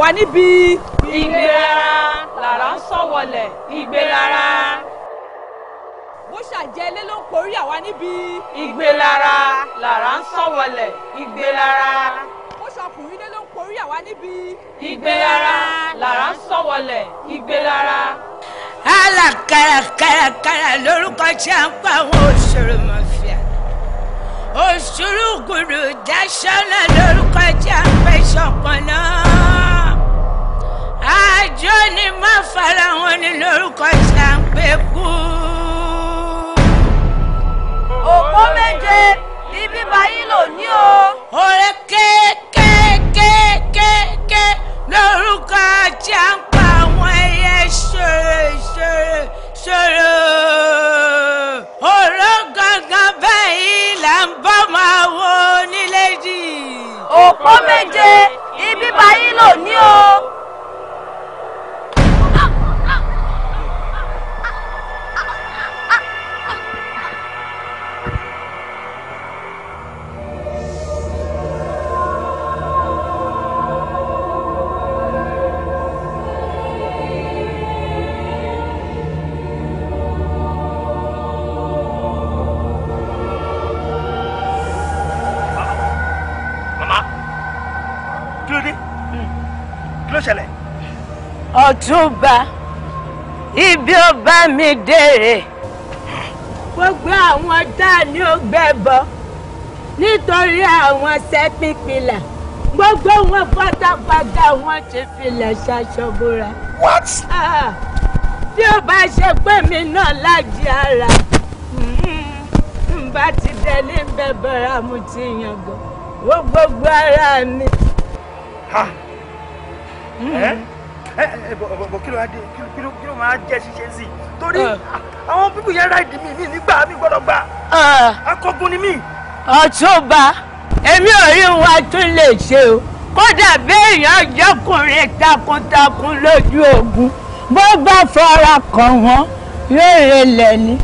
wá níbi. ìgbélára làrá ń sọ wọlé ìgbélára. bó ṣàjẹ́ ilé ló ń porí àwa níbi. ìgbélára làrá ń sọ wọlé ìgbélára. bó ṣọkùnrin ilé ló ń porí àwa níbi. ìgbélára làrá ń ìgbélára. alákàràkàràkàrà lórúkọ tí a ń pa àwọn òṣèré mafia òṣùrù gùdù dáṣọ́nà lórúkọ tí a ń pẹ́ náà àjọ ni má fara wọn ni lórúkọ ìsàǹpẹ̀kù. òpó méje ni bíbá yín lò ní o. òrè kékékékéké lórúkọ tí a ń pa àwọn ẹyẹ ṣòro ṣòro ṣòro. òró gangan bẹ́ẹ̀ yìí là ń bọ́ máa wo nílé dì. òpó méje ni bíbá yín lò ní o. ọ̀túnba ibi ó bá mi dèrè gbogbo àwọn dání ó gbẹbọ nítorí àwọn sẹpípìlà gbogbo wọn pátápátá wọn ti filẹ̀ ṣaṣọbúra. what. bí ó bá ṣe pé mi náà lájí ara n hmm, bá ti délé ń bẹ bọ́ra mu ti yàngàn wo gbogbo ara mi. ha ẹ. Mm. Eh? ẹ ẹ bọ̀ kí ló máa dé kí ló kí ló máa jẹ́ ṣíṣe sí i torí ah. àwọn pípù yẹn ráìdì mi mi nígbà mi gbọ́dọ̀ gbà ah. akọgun ni mí. ọ̀túnba èmi ò rí wa tún lè ṣe o kódà béèyàn jọkùnrin takuntakun lójú ogun bó bá fara kàn wọ́n yóò relẹ̀ ni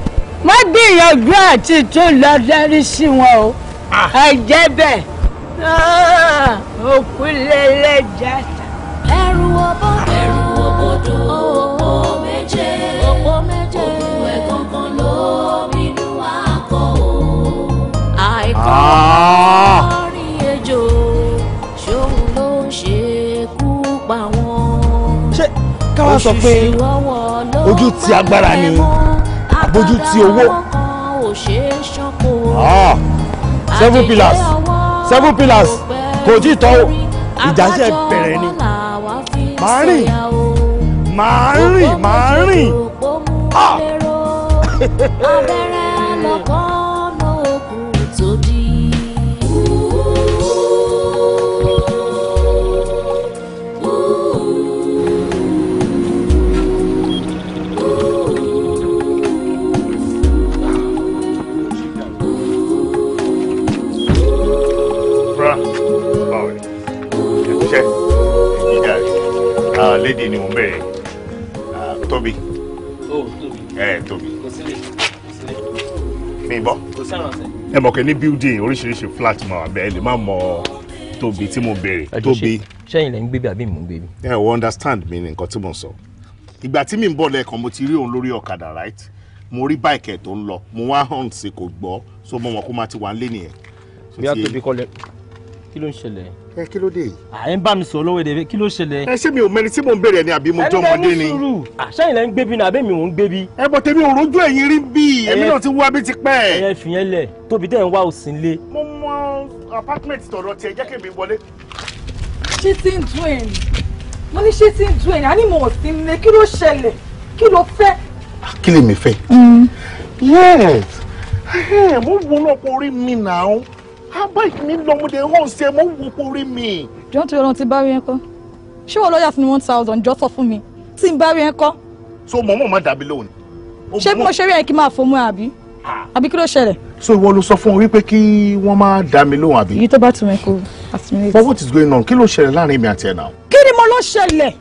má gbìyànjú àti tún lọ dárí sí wọn o ah. ẹ jẹ́ bẹ́ẹ̀ òkú lélẹ́jà kárí ṣe káwá sọ pé ojú ti agbára ni àbójú ti owó. Ah. seven pillars seven pillars kò tí ì tọ́ ìjàṣẹ́ bẹ̀rẹ̀ ni màá rìn màá rìn màá rìn. Ah. abẹ́rẹ́ lọ́kàn. ẹ mọ̀ kẹ́ ní building oríṣiríṣi flat mọ̀ àbẹ́ ẹ lè má mọ tóbi tí mo béèrè tóbi. sẹ́yìn lẹ́yìn gbé bí àbí mò ń gbé ẹ ò understand mi nǹkan tí mo sọ ìgbà tí mi ń bọ̀ lẹ́ẹ̀kan mo ti rí òun lórí ọ̀kadà right mo rí báìkì ẹ̀ tó ń lọ mo wá hàn sí kò gbọ́ so mo mọ̀ kó máa ti wà ń lé nìyẹn. bí a tóbi kọ́ kí ló ń ṣẹlẹ̀. ẹ kí ló dé yìí. à ń bá mi sọ lọ́wọ́ èdè kí ló ṣẹlẹ̀. ẹ ṣé mi ò mẹni tí mò ń béèrè ni àbí mo jọ ọmọdé ni. àṣẹyìn lẹ ń gbé bí ni àbí mi ò ń gbé bí. ẹ bọ̀ tèmi ò rojú ẹ̀yìn rí bí èmi náà ti wá bí ti pẹ́. ẹ fi yẹn lẹ̀ tóbi tẹ̀ ń wá òsín lé. mo mọ apartment tọ̀dọ̀ tiẹ̀ jẹ́ kí mi wọlé. ṣé tí ń dùn ẹ̀ ni mo ní ṣé tí ń dùn ẹ̀ ni àní mo ò sí nílé kí ló ṣẹlẹ̀ kí ló fẹ́. kí lèmi fẹ́. Mm. yes mo wọnú ọkọ orí mi náà báyìí mi lọ hàn ṣe mo wò orí mi. jọ́n tó yọrọ ti bá rí ẹ kọ́ ṣé wọ́n lọ́ọ̀yà fún mi one thousand jọ́ sọ fún mi tí n bá rí ẹ kọ́. so mọ̀mọ́ má dàbí lóhùn. ṣé bí mo ṣe rí ẹ kí n máa fomú àbí àbí kí ló ṣẹlẹ̀. so ìwọ ló sọ fún wọn wípé kí wọ́n má dá mi lóhùn àbí. èyí tó bá tún ẹ kó assimilate. but what is going on kí ló ṣẹlẹ̀ láàrin mi àti ẹ̀ náà. kí ni mo lọ ṣẹlẹ̀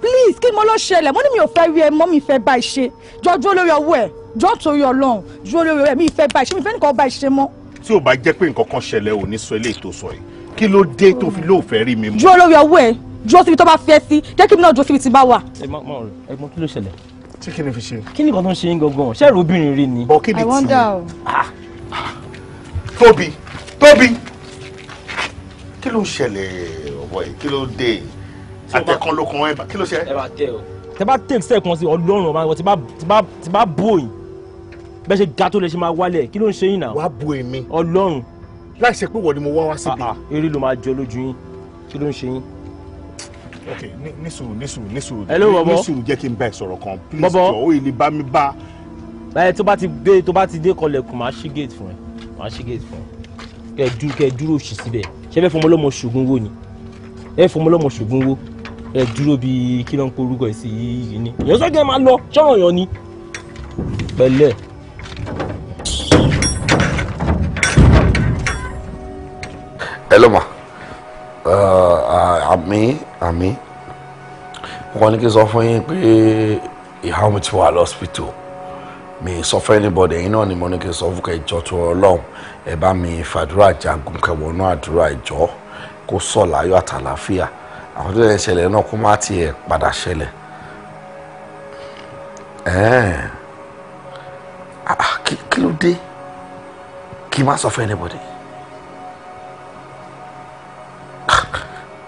please kí ni mo lọ ṣẹlẹ̀ mo ní mi ò fẹ́ rí ẹ mọ́ mi fẹ́ bá ẹ ṣe jọ dúró lórí ọwọ́ ẹ jọ torí Ọlọ́run dúró lórí ọwọ́ ẹ mi fẹ́ bá ẹ ṣe mi fẹ́ nìkan bá ẹ ṣe mọ́ tí o bá jẹ́ pé nǹkan kan ṣẹlẹ̀ ò ní sọ eléyìí tó sọ yìí kí ló dé tó fi lóòfẹ́ rí mi mú. dúró lórí ọwọ́ ẹ dúró síbi tó bá fẹ́ sí jẹ́ kí mi náà dúró síbi tí bá wà. ẹ má má ọ̀rẹ́ ẹ mọ kí ló ṣẹlẹ̀. tí kí ni fi ṣe. kí ni nǹkan tó ń ṣe yín gangan ṣé ẹ̀rọ obìnrin rí ni. bọ kí ni tí ah. Tóbi Tóbi kí ló ń ṣẹlẹ̀ ọ̀bọ̀ yìí kí ló dé àtẹ̀kọ́ bẹ́ẹ̀ ṣe ga tó lè ṣe máa wálẹ̀ kí ló ń ṣe yín náà. wàá bu èmi. ọlọ́run. láì ṣe pé wọ́n ni mo wá wá síbi. Ah, ah, eré ló máa jọ lójú yín kí ló ń ṣe yín. ok ní sùúrù ní sùúrù ní sùúrù. hello bọ̀bọ̀ ní sùúrù jẹ́ kí n bá ẹ sọ̀rọ̀ kan please jọ ó ilé bá mi bá. ẹ tó bá ti dé tó bá ti dé kọlẹ̀kùn máa ṣí gate fún ẹ máa ṣí gate fún ẹ kẹ dúró òṣì síbẹ̀ ṣé fẹ́ fọmọlọ́mọ ṣògùn wo ni ẹ fọmọlọ́mọ ló mà àmì àmì wọn ní kí n sọ fún yín pé ìhà mi ti wà lọ́sípítù mi sọ fún anybody ẹ̀yin náà ni mo ní kí n sọ fún kẹjọ tó ọlọ́run ẹ bá mi fàdúrà jagun kẹwọnú àdúrà ìjọ kó sọ láyọ̀ àtàlàfíà àwọn tó lè ṣẹlẹ̀ náà kó má tiẹ̀ padà ṣẹlẹ̀ ah, kí ló dé kí n má sọ fún anybody.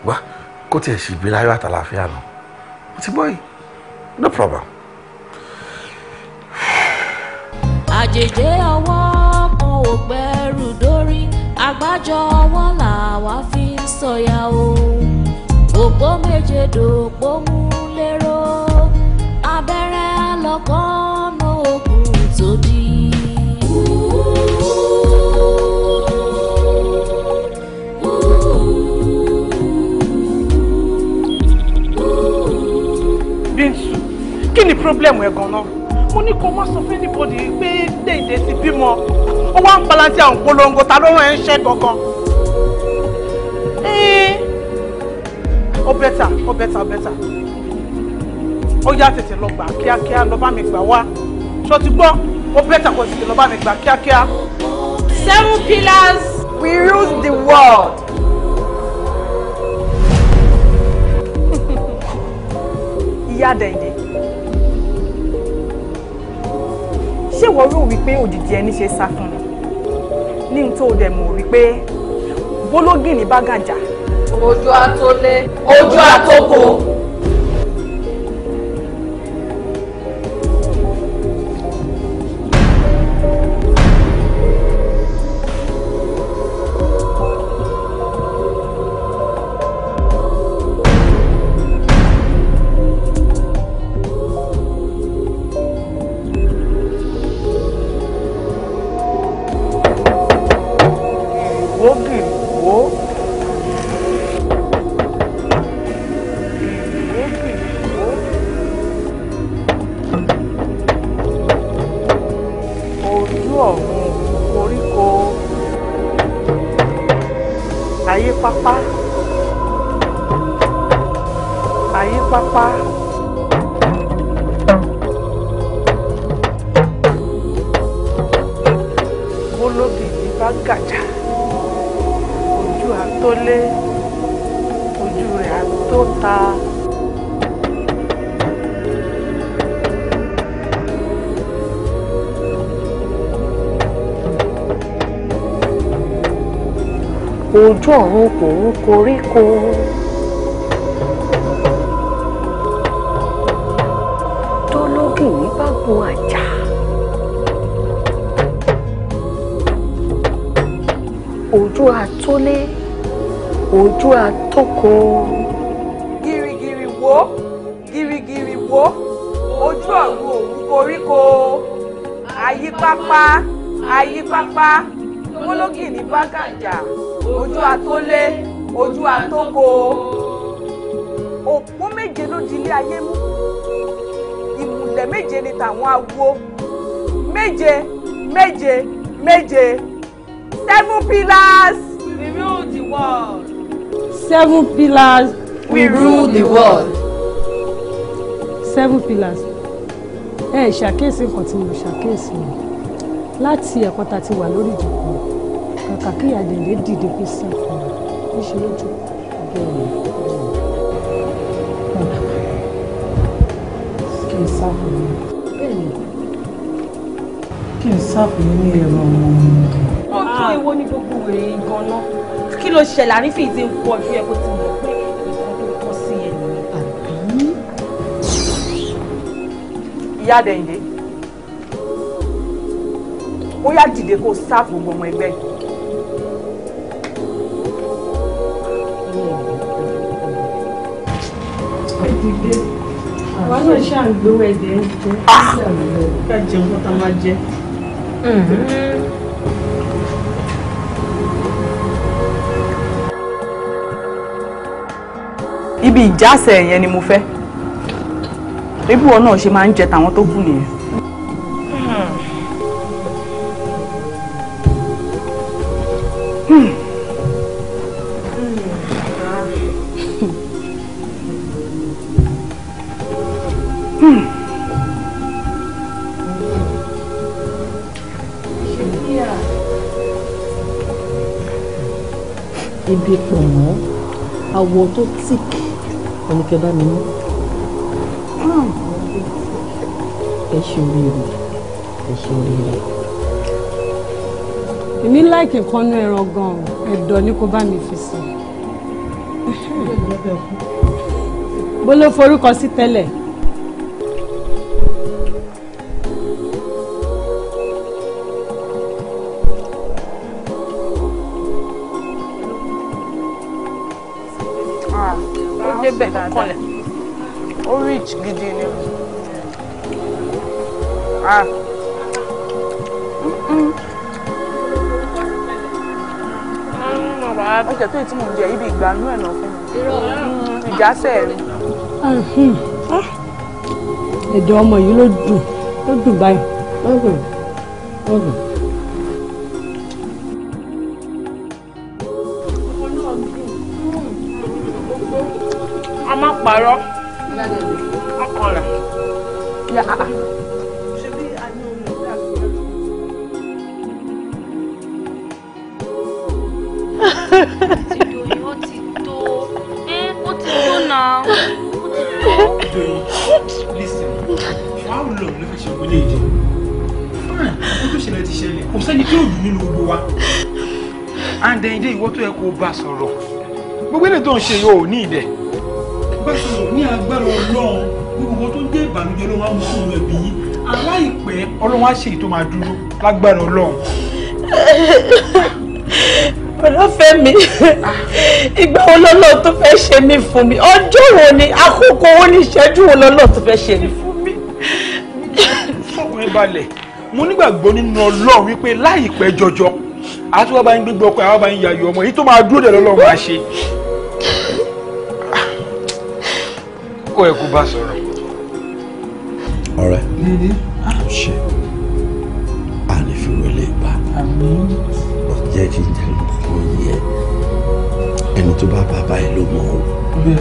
wá kó tiẹ̀ sì gbé láyọ̀ àtàlàfíà nù mo ti gbọ́ yìí no problem. àjèjé ọwọ́ kan ò gbẹ́rù dórí àgbájọ ọwọ́ làwa fi ń sọ̀yà o òpó méje dòpó mú lérò abẹ́rẹ́ àlọ́kọ́. pírọ́blẹ̀mù ẹ̀ gan-an mo ní kó má sọ fún anybody pé déédéé ti bímọ ó wá ń balance àwọn polongo ta ló rán ẹ ń ṣẹ́ gangan. Eh, ó bẹ́tà ó bẹ́tà ó bẹ́tà ó yá tètè lọ gbà kíákíá lọ bá mi gbà wá ṣó ti gbọ́ ó bẹ́tà kó tètè lọ bá mi gbà kíákíá. seven pillars we rule the world. ìyá dẹ̀yìn. tó rò wípé òjijì ẹni ṣe sá fún ni ní tó dẹ̀ mọ̀ wípé bólógì ní le ojú a ojú àtókò. ojú ọ̀run kò ń koríko. tólógìní bá gun àjà. ojú atólé ojú atóko. girigiri wo girigiri wo ojú ọ̀run òun koríko àyípápá àyípápá tólógìní bá gàjà ojú àtólé ojú àtókò òpó méje ló di ilé ayé mú ìmùlẹ̀ méje ni tàwọn awo méje méje méje seven pillars we rule the world. seven pillars we rule the world. seven pillars ẹ ṣàkíyèsí nǹkan tí mo ṣàkíyèsí láti ẹ̀kọ́ ta ti wà lórí ìjọba kàkà kí àjẹ̀lẹ̀ dìde fi sàn fún mi níṣẹ́ ló jù bẹ́ẹ̀ kí n sá fún mi bẹ́ẹ̀ ni kí n sá fún mi ní ẹ̀rọ ọmọ mi. wọ́n kí ewo ní gbogbo rẹ̀ gan-an kí ló ṣẹlẹ̀ àrífín ti ń pọ̀ ju ẹ̀kọ́ ti mọ̀ pé nǹkan tó tọ́ sí ẹ̀ nìyẹn. àbí. ìyá Dẹ̀yìndé ó yá dìde kó sáàfù gbogbo ẹgbẹ́ yìí. ti dé àwa náà ṣáà ń gbowó ẹ̀dẹ̀ ń jẹ́ ah! ká jẹun kó tá máa jẹ. ibi ìjásẹ̀ yẹn ni mo fẹ́ bí wọn náà ṣe máa ń jẹ tàwọn tó kù nìyẹn. àwọ̀ tó tíìk oníkẹ́ bá mi mú hmm. ẹ ṣe oríire ẹ ṣe oríire. èmi láìkì kanú ẹran gan-an ẹ̀dọ̀ ni kò bá mi fi sí. bó ló forúkọ sí tẹ́lẹ̀. Ah. ọjà tó tí mò ń jẹ ibi ìgbanú ẹ̀ náà fún mi ìjásẹ̀ ẹ̀ ni. ẹ̀dọ̀ ọmọ yìí ló dùn ló dùn báyìí. ṣòkò lè jẹ ohun tó ṣẹlẹ̀ ti ṣẹlẹ̀ kò sẹ́ni tí ò dùn nínú gbogbo wa and then ilé ìwọ tó yẹ kó bá sọ̀rọ̀ gbogbo ilé tó ń ṣe yóò ní ìdẹ. bá sọ̀rọ̀ ní agbára ọlọ́run gbogbo tó ń dé ìbànújẹ́ ló máa ń mú òun ẹ̀bí yín aláìpẹ́ ọlọ́run á ṣe èyí tó máa dúró lágbára ọlọ́run. Ọlọ́fẹ́mi ìgbà wo lọ́lọ́ tó fẹ́ ṣe mí fún mi ọjọ́ wo ni àkókò wo ni ìṣẹ́jú wo tó fẹ́ ṣe mí fún balẹ̀ mo nígbàgbọ́ nínú ọlọ́run wípé láìpẹ́ jọjọ àti wàá bá ń gbégbé ọkọ àwọn bá ń yàyò ọmọ yìí tó máa dúró dẹ̀ lọ́lọ́run máa ṣe. ó yẹ kó bá sọ̀rọ̀. ọ̀rẹ́ ṣe ànífìwé lè bá jẹ́ kí n tẹ̀lé kó yẹ ẹni tó bá bàbá ẹ ló mọ̀ ọ́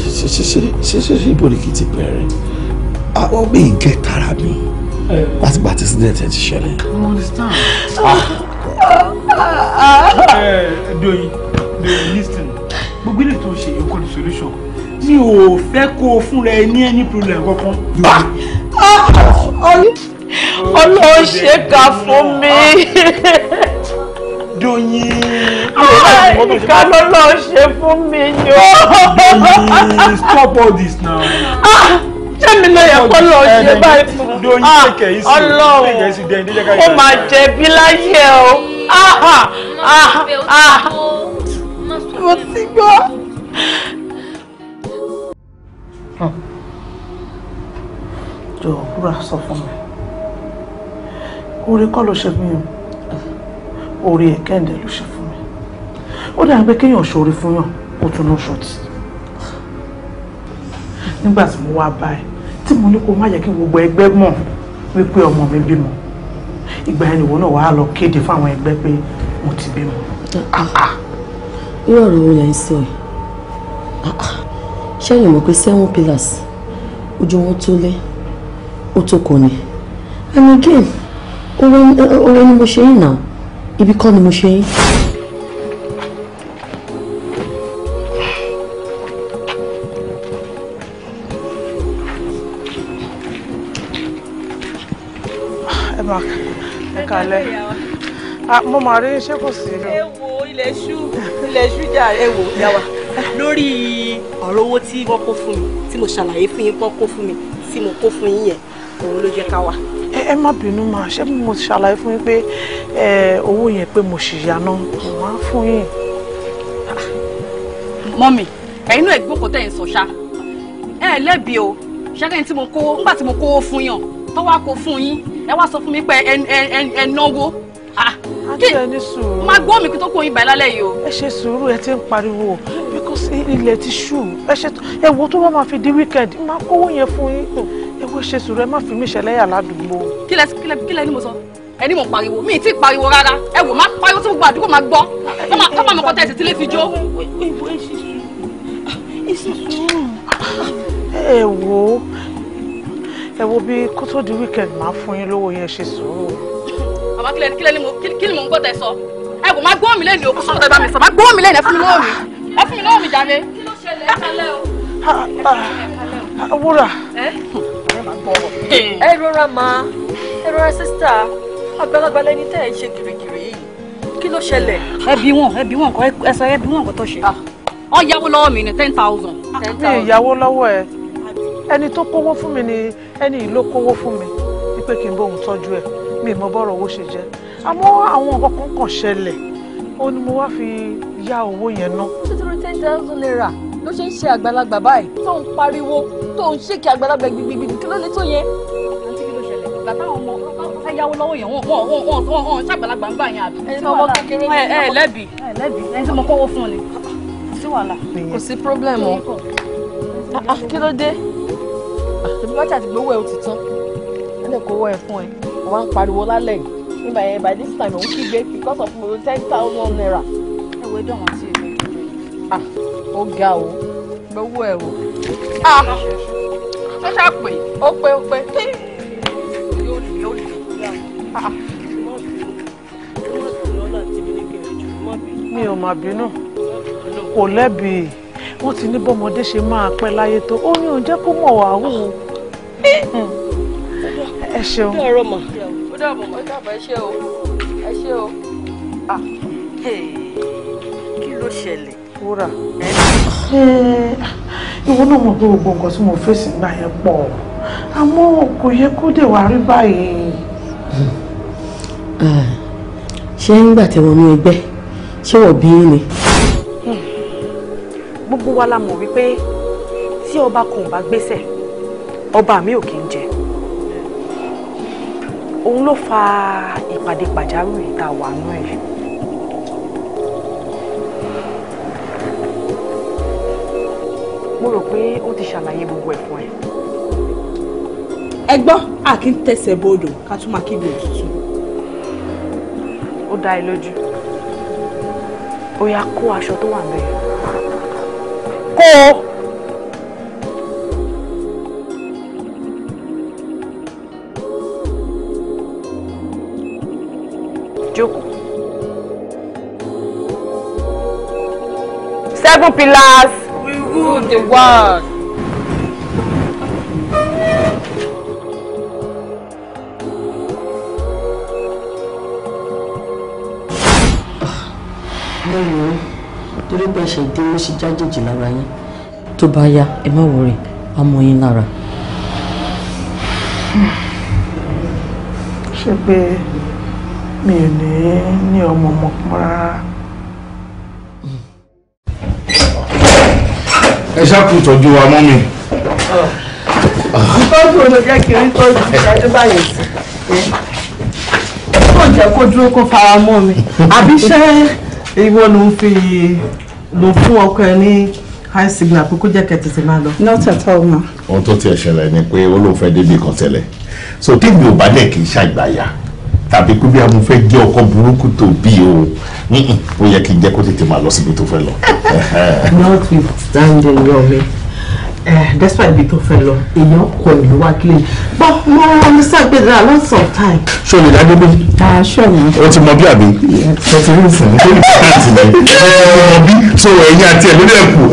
ṣe ṣe ṣe ṣe ṣe ibo ni kì í ti bẹ̀rẹ̀ àwọn mi ń gẹ́ tara mi láti gba tí student ẹ ti ṣẹlẹ̀. Ah. Eh, doyin doyin listen gbogbo ilé tó ṣe We kọ́ di solution mi ò fẹ́ kó o fún rẹ ní any problem kankan. Ah. Ah. ọlọ́run oh, oh, fún mi. doyin nǹkan lọ́lọ́ ṣe fún mi ni o. doyin stop all this now tẹ́mi náà yẹ kó lọ ṣe báyìí fún ah, ọlọ́run ó máa jẹ̀bi láyé o ah, ah, mo ti gbọ́. jọ̀ọ́ wúrà sọ fún mi oore kọ́ ló ṣe mí o oore ẹ̀kẹ́ǹdẹ̀ ló ṣe fún mi ó dáa pé kéèyàn ṣoore fún yàn ó tún ló ṣọtì nígbà tí mo wá báyìí tí mo ní kó má jẹ́ kí gbogbo ẹgbẹ́ mọ̀ wípé ọmọ mi bímọ ìgbà yẹn nìwọ náà wàá lọ kéde fáwọn ẹgbẹ́ pé mo ti bímọ. irú ọ̀rọ̀ wo lẹ́yìn sọ yìí ṣẹ́yìn mọ̀ pé seven pillars ojú wọn tó lé ó tó kò ní and again oore ni mo ṣe yín náà ibi kan ni mo ṣe yín. Ah, mo máa rí iṣẹ́ kò sí. ẹ wo ilẹ̀ ṣú ilẹ̀ ṣú jà ẹ wo yàwá lórí ọ̀rọ̀ owó tí wọ́n kó fún mi tí mo ṣàlàyé fún yín pọ́n kó fún mi tí mo kó fún yín yẹn òun ló jẹ́ ká wà. ẹ ẹ má bínú mà ṣé mo ṣàlàyé fún yín pé owó yẹn pé mo ṣì yá náà mo máa fún yín. mọ́mì ẹ̀yin náà ẹ̀gbọ́n kò tẹ̀ ń sọ ṣá ẹ lẹ́bi o ṣẹ́gẹ́ni tí mo kó ńgbà tí mo kówó fún yàn tọ́wọ́ kó fún yín ẹ wá sọ fún mi pé ẹ náwó ah, àti ẹni sùúrù. máa gbọ́ mi kí tó kó yín báyìí lálẹ́ yìí o. ẹ ṣe sùúrù ẹ ti ń pariwo because ilẹ̀ ti ṣù ẹ ṣe ẹwọ tó bá máa fi di weekend máa kówó yẹn fún yín ẹwọ ẹ ṣe sùúrù ẹ má fi mí ṣẹlẹ́yà ládùúgbò. kílẹ̀ kílẹ̀ kílẹ̀ ni mo sọ ẹni mo pariwo mi ti pariwo rárá ẹ wò má pariwo tó gbogbo àdúgbò má gbọ́ tó má mọ̀kọ́ tẹ̀sí tilé fi jó. ẹ wo ẹ wo bí kó tó di weekend máa fún yín lówó yẹn ṣe sùúrù bàbá kílẹ̀ kílẹ̀ ni mo kí mo ń gbọ́ sọ ẹ kò má gbọ́ mi lẹ́nu òkú sọ̀rọ̀ bá mi sọ má gbọ́ mi lẹ́nu ẹ mi lọ́wọ́ mi ẹ mi lọ́wọ́ mi jáde. wúrà ẹ rọra ma ẹ rọra sísítà àgbàlagbà lẹni tẹ ẹ ṣe gìrìgìrì kí ló ṣẹlẹ̀. ẹ bí wọn ẹ bí wọn kọ ẹ sọ ẹ bí wọn kọ tó ṣe. wọn yáwó lọ́wọ́ mi ní ten thousand. mi ìyàwó lọ́wọ́ ẹ ẹni tó kówó fún mi ni ẹni ìló kówó fún mi ni pé kí n bóun tọ́jú ẹ mi ì mọ bọ́rọ̀ owó ṣe jẹ́ àmọ́ àwọn nǹkan kan kàn ṣẹlẹ̀ ó ní mo wá fi yá owó yẹn ná. nítorí ten thousand naira ló ṣe ń ṣe àgbàlagbà báyìí tó ń pariwo tó ń ṣèkì àgbàlagbà gbigbigbigbi kí ló lè tó yẹn. àǹtí kí ló ṣẹlẹ̀ ìgbà táwọn ọmọ fẹ́ yáwó lọ́wọ́ yẹn wọ́n wọ́n wọ́n wọ́n wọ́n ṣàgbàlagbà ń kò sí wàhálà. Ah, ah, kí ló dé tẹ̀bí ah, bá ṣàtìgbówó ẹ̀ ó ti tán ẹ̀ lè kówó ẹ̀ fún ẹ mo máa ń pariwo lálẹ́ nígbà yẹn by this time òun kígbe because of mo ten thousand naira. ẹ wo ẹjọ́ wọn sí ẹgbẹ́ ìjọ yìí. ah ó ga o gbowó ẹ o. ah ó ṣàpè ó pé ó pé tí. yóò lè yóò lè yá o. Ah, ah. mi ò mà bínú kò lẹ́bi wọ́n ti ní bọ́mọdé ṣe máa pẹ́ láyé tó ó ní òun jẹ́ kó mọ̀ wá wò ó ṣeun. ó ẹ ṣe o ẹ o. Ah, kí ló ṣẹlẹ̀. wúrà ìwọ náà mọ̀ pé gbogbo nǹkan tí mo fèsì gbà yẹn pọ̀ àmọ́ kò yẹ kó dé wàá rí báyìí. Ah, ṣé nígbà tí wọn ní ẹgbẹ́ ṣé wọ́n bí ni. gbogbo wa la mọ̀ wípé tí ọba kan ò bá gbéṣẹ̀ ọba mi ò kì í jẹ òun ló fa ìpàdé pàjáwìrì tá a wà nú ẹ̀. mo rò pé ó ti ṣàlàyé gbogbo ẹ̀ fún ẹ. ẹ gbọ́ a kì í tẹsẹ̀ bodò ká tún máa kígbe òtútù. ó dá ẹ lójú ó yá kó aṣọ tó wà ń bẹ̀. kó o seven pillars. We rule the world. lẹ́yìn rẹ̀ torí pé ẹsẹ̀ ìdí ló ṣe jájèjì lára yín tó bá yá ẹ má wọrí á mọ yín lára. ṣé pé mi ò ní ní ọmọ ọmọ rárá. ẹ ṣàkùn ìtọ́jú wa mọ́ mi. ìtọ́jú olo jẹ́ kí orí tọ́jú ìdájọ́ báyìí sí kò jẹ́ kó dúró kó fara mọ́ mi àbí ṣé ìwọ ló ń fi lò fún ọkọ ẹ ní high signal pé kó jẹ́ kẹ́ tètè máa lọ. not at all ma. ohun tó ti ṣẹlẹ̀ ni pé ó lóun fẹ́ débi kan tẹ́lẹ̀ so tèmi ò bá dẹ̀ kì í ṣàgbáyà tàbí pé bí a mo fẹ́ jẹ́ ọkọ burúkú tó bí o ó yẹ kí n jẹ́ kó tètè máa lọ síbi tó fẹ́ lọ. notwithstanding yomi eh, despite ibi tó fẹ́ lọ èèyàn kọ ìlú wa kílè bọ́ mo understand pé there are lots of time. ṣé o lè dájú bí. aṣọ mi. o ti mọ bí àbí. ṣe ti rí fún mi tó lè fi láti lẹ. ọmọ bí so ẹ̀yin àti ẹ̀ lórí ẹ̀kú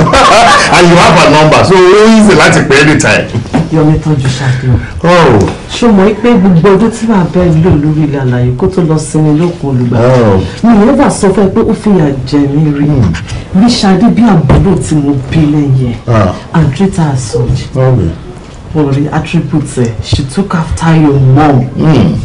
and you have a number so ó ń ṣe láti pay anytime yọmí tọ́jú ṣàdéhùn. ṣé o mọ̀ pé gbogbo ọdún tí màá bẹ́ẹ̀ lò lórí ilẹ̀ àlàyé kó tó lọ sinmi lókun olùgbà oh. mi ò bá sọ fún ẹ pé ó fi ìyà jẹ mí rí hmm. bí ṣadé bí àbúrò tí mo bí lẹ́yìn ẹ̀ àdúrítà ah. àsọjì orí attributes ẹ she took after your mom. Hmm.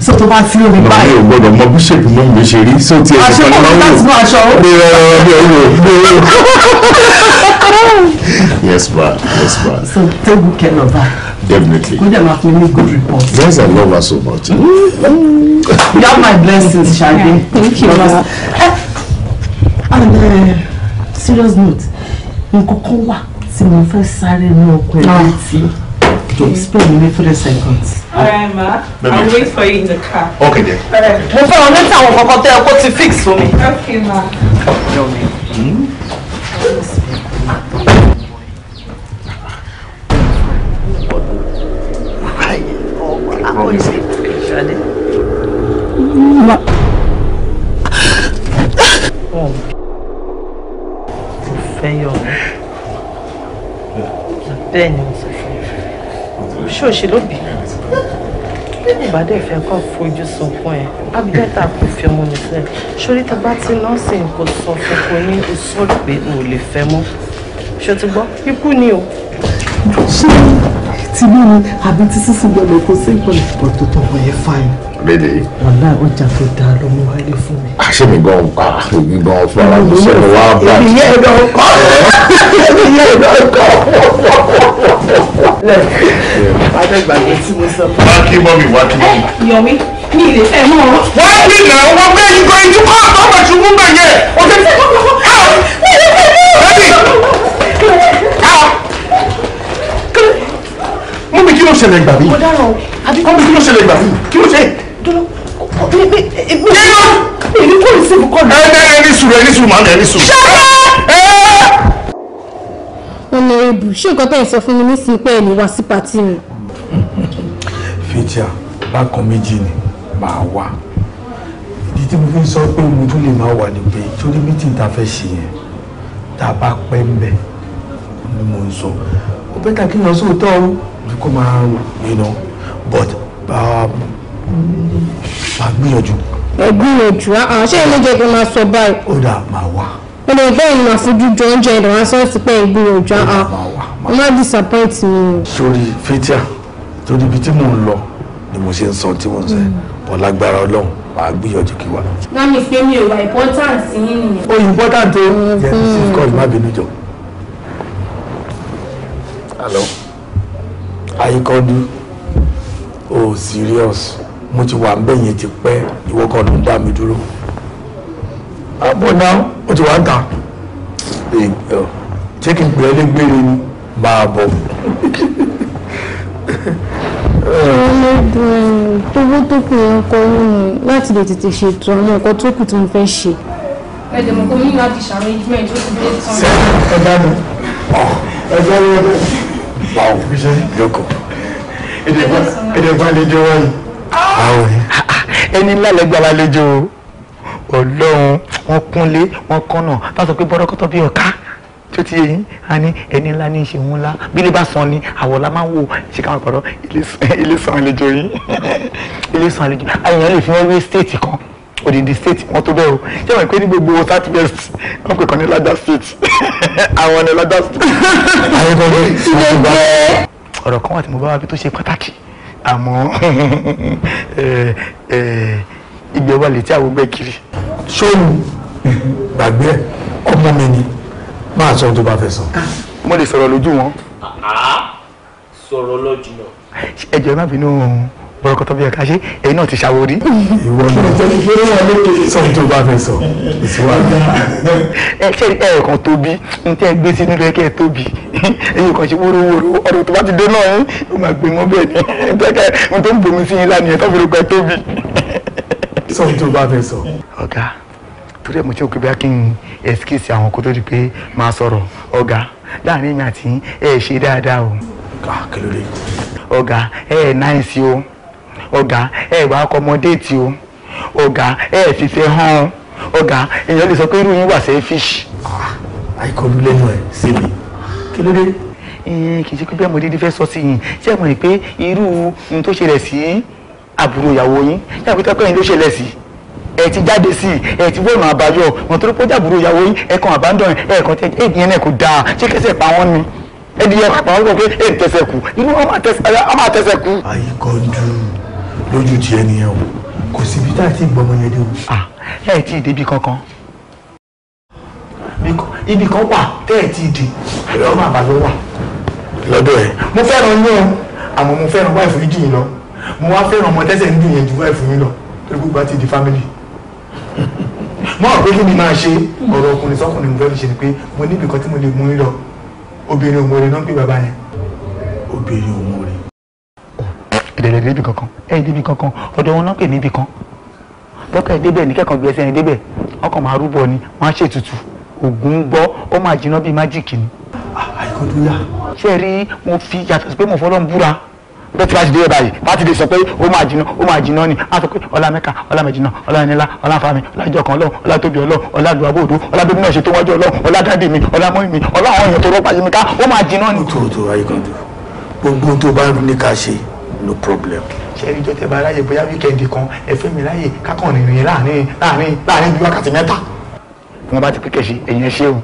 so tó bá sí omi báyìí. ọmọ yóò gbọ́dọ̀ mọ bíṣọ̀bù mọ́ mi ṣe rí so tiẹ̀ nìkan ni wọ́n wò. àṣepọ̀ mi láti mọ aṣọ. bí ẹ bí ẹ wò bí ẹ wò. yes, ma. Yes, ma. So take good care of her. Definitely. Good them have made good reports. Yes, I love her so much. Mm. you have my blessings, Shaggy. Yeah, thank you, ma. Eh, and uh, serious note, nǹkan kan wà my first fẹ́ no ní ọkọ̀ ẹ̀ ah. létí. Okay. Spare me for a second. Alright, ma. Baby. I'll wait for you in the car. Okay, dear. Alright. Mo fẹ́ ọ̀nà tí àwọn kọ̀ọ̀kan tẹ́ fix for me? Okay, ma. Yọ̀ mi. Hmm? mọ́. mo fẹ́ yọ ọ́ bẹ́ẹ̀ ni mo ti fẹ́ ṣé òṣè ló bí bí bá dẹ̀ fẹ́ kọ́ fojú sunkún ẹ̀ abẹ́ta kò fi ọmọ mi sílẹ̀ sórí tá a bá ti nọ́ọ̀sì kò sọ fún kò ní ìsọ̀rọ̀ pé n ò lè fẹ́ mọ́ ṣé o ti gbọ́ ikú ni o. ṣé ti bí àbí tí sísìn gbọdọ̀ kó sí ìpọ̀lẹ̀ pọ̀ tó tọ̀wọ̀ ẹ̀ fáyìn. Really? Wàlá ọjà tó dáa ló mú wáyé fún mi. Àṣé ah, mi gan pa ah, èmi gan fún ara mi sẹ́nu wá bá. Èmi yẹn lọ kọ́ èmi yẹn lọ kọ́. Adégbàgbé tí mo sọ. Wá kí mọ́mí wá kí mọ́mí. Yọ̀mí mi ìlè fẹ́ mọ́ ọ. Wọ́n ní ìlà wọn pé ìgò ìjú kọ́ ọ̀tọ̀ ọ̀gbà ṣubú gbà yẹ. Òjò tí kò kọ́kọ́. Mọ́mí kí ló ṣẹlẹ̀ gbà mí? Mo dáràn o. Mọ́mí kí ló ṣẹlẹ̀ gbà mí? Kí ló ṣe? dúró mi mi mi kò sí ibùkọ́ náà. ẹ ẹ ní sùúrù ẹ ní sùúrù màmí ẹ ní sùúrù. ṣọlá. ọ̀nà ìbù ṣé nǹkan tẹ̀ sọ fún mi nísìnyí pé ẹ̀mí wá sí pàtí mi. fìtíà bákan méjì ni màá wà ìdí tí mo fi sọ pé mo tún lè máa wà ní pé torí mítìn tá a fẹ́ ṣe yẹn tá a bá pẹ́ ń bẹ̀ ni mo ń sọ ó bẹ́tà kí n lọ sóòótọ́ o kó máa rò you know but. Um, máa gbìyànjú. ẹ gbìyànjú àhàn ah, ah, ṣé ilé jẹ́ kí n máa sọ báyìí. ó dà máa wá. mo lè bẹ́ẹ̀ ni màá fojú jọ oúnjẹ ìdàgbà sọ́ọ̀sì pé ìgbìyànjú àhàn ah, mo má disappoint mi o. sórí fẹ́tíà torí ibi tí mò ń lọ ni mo ṣe ń sọ tí mo ń sẹ mm. bọ́ lágbára ọlọ́run màá gbìyànjú kí wà. mami pé mi ò wá important yín nìyẹn. Oh, o important mm, o jẹ́ ní mm. six call má bínú jọ. hello oh, serious mo ti wà nbẹ yẹn ti pẹ́ ìwọ kan ló ń dá mi dúró àbọ̀ ah, náà ó ti wà ń ta ṣé kí n pè é légbére ni máa bọ̀. ọlọ́dún owó tó kù yẹn kọ lóhùn láti lè tètè ṣètò àwọn nǹkan tó kù tí mo fẹ́ ṣe. ẹ dẹ̀ mọ̀ pé mi láti ṣàrẹ́jìmẹ̀ntì ó ti dé tán. ẹ dáná ẹ jẹ́ ẹ lọ́dún. báwo jókòó èdè ìfọ̀lẹ́jọ́ wáyé. Ah, ah, ẹni ńlá lẹ́gbàá lálejò ọlọ́run wọn kúnlé wọn kọ́nà láti sọ pé bọ́dọ́kọ́tọ́ bí ọ̀ká tó ti yẹ yín a ní ẹni ńlá ní ìṣe ńlá bí ilé bá san ni àwọ̀ la máa ń wò ṣe káwọn pọ̀rọ̀ ilé san àlejò yín ilé san àlejò àyàn lè fi wọ́n wé stéètì kan odindi state wọn tó bẹ́ẹ̀ o ṣé wọn pé ní gbogbo south west wọn pè kàn ní ladder state àwọn ní ladder state. ọ̀rọ̀ kan wà tí mo bá wá bí tó ṣe pàtàkì àmọ́ eh, eh, ìgbẹ́ wà létí àwọn gbẹ́ kiri. sóòlù gbàgbé ọmọ mi ni máa sọ ohun tó bá fẹ́ sọ. Ah. mo lè sọ̀rọ̀ lójú wọn. Ah, sọ̀rọ̀ lójú wọn. ẹ̀jẹ̀ má bínú bọ̀rọ̀kọ̀ tó bí ẹ̀ka ṣe ẹ̀yin náà ti ṣàwò rí. ìwọ ni ìfowópamọ́ wọn lókè sọ tó bá fẹ́ sọ ìsúwájú. ẹ ṣe ẹ̀ẹ̀kan tóbi ní tẹ́ ẹ gbé sínú rẹ kẹ́ ẹ tóbi ẹ̀yin kan ṣe wórówóró ọ̀rọ̀ tó bá ti dé náà ó máa gbé mọ́ bẹ́ẹ̀ ni tẹ́kẹ́ n tó ń bomi sí yín lánìyàn tó fi rò pé tóbi. sọ tó bá fẹ́ sọ. ọ̀gá torí ẹ̀ mo ṣe òkè bí akin ẹ̀skíìsì àwọn kó tó di pé máa sọ̀rọ̀ ọ̀gá láàrin èmi àti ẹ̀ ṣe dáadáa o. ọ̀gá kí ló dé. ọ̀gá ẹ̀ náà ń sí o ọ̀gá ẹ wá akọmọdéètì o ọ̀gá ẹ fìfẹ́ hàn án ọ̀gá èèyàn lè sọ pé irú yín wà sẹ́ẹ́ fíṣì. Ah, àìkọlù lẹ́nu ẹ̀ síbi kí ló dé. kì í ṣe pé bẹ́ẹ̀ mo dédé fẹ́ sọ sí yín ṣé ẹ mọ̀ ní pé irú ohun tó ṣẹlẹ̀ sí àbúrò ìyàwó yín ṣé àbúrò ìyàwó yín ló ṣẹlẹ̀ sí ẹ ti jáde sí i ẹ ti wọnà àbáyọ wọn tó ló pọjà àbúrò ìyàwó yín ẹ kàn àbádọ ẹ kàn tẹ ẹ ìyẹn náà kò dáa ṣé kẹsẹ̀ pa wọ́n ni ẹ di ẹ pa wọ́n pé ẹ tẹsẹ̀ kù inú wọn máa tẹsẹ̀ kù. àyíkọ́jú lójú tiẹ̀ nìyẹn o kò síbi tá a ti gbọmọ yẹn dé o. Ah, ẹ ti débi kankan ibi kan wà tẹ́ ẹ̀ ti dì ẹ̀rọ máa bà wà lọ́dọ̀ ẹ̀ mo fẹ́ràn yín o àmọ́ mo fẹ́ràn wáìfù yín jù yín lọ mo wá fẹ́ràn ọmọ tẹ́sẹ̀ ń dùn yẹn ju wáìfù yín lọ torí gbogbo àti ìdí fámìlì mo rò pé kí ni máa ṣe ọ̀rọ̀ ọkùnrin sọ́kùnrin mo fẹ́ fi ṣe ni pé mo níbi kan tí mo lè mú yín lọ obìnrin òmòore náà ń pè bàbá yẹn obìnrin òmòore ẹ̀dẹ̀rẹ̀ débi kankan ẹ̀ débi kankan ọ̀dọ̀ wọn náà pè níbi kan dọ́kítà débẹ̀ ní kẹ́kọ̀ọ́ bí ẹsẹ̀ yẹn débẹ̀ ọkàn máa rúbọ ni wọ́n á ṣètùtù ògùn gbọ́ ó máa jiná bíi májìkì ni. àìkọ́dúnlá. ṣé ẹ rí mo fi yàtọ̀ pé mo fọlọ́n búra bẹ́ẹ̀ tí wàá ti dé báyìí wàá ti dé sọ pé ó máa jiná ó máa jiná ni á sọ pé ọlá mẹ́ka ọlá mẹ́jìnà ọlá ẹnilá ọlá fami ọlá ìjọkan ọlọ́run ọlá tóbi ọlọ́run ọlá àdúrà bòdó ọlá bíbí náà ṣe tó wájú ọlọ́run ọlá dáàdì mi ọlá mọ́mì mi ọlá àwọn èèyàn tó rọ́pàá yìí mi ká ó máa jiná ni. tòótọ́ ayé kan tó gbogbo tó bá ń ní ká ṣe no problem. ṣé ìjọ tẹ bá ráyè bóyá wíkẹ́ndì kan ẹ mi ráyè kákan rìnrìn láàrin láàrin láàrin bí wákàtí mẹ́ta. wọn bá ti pé kẹsì ẹ̀yin ṣé o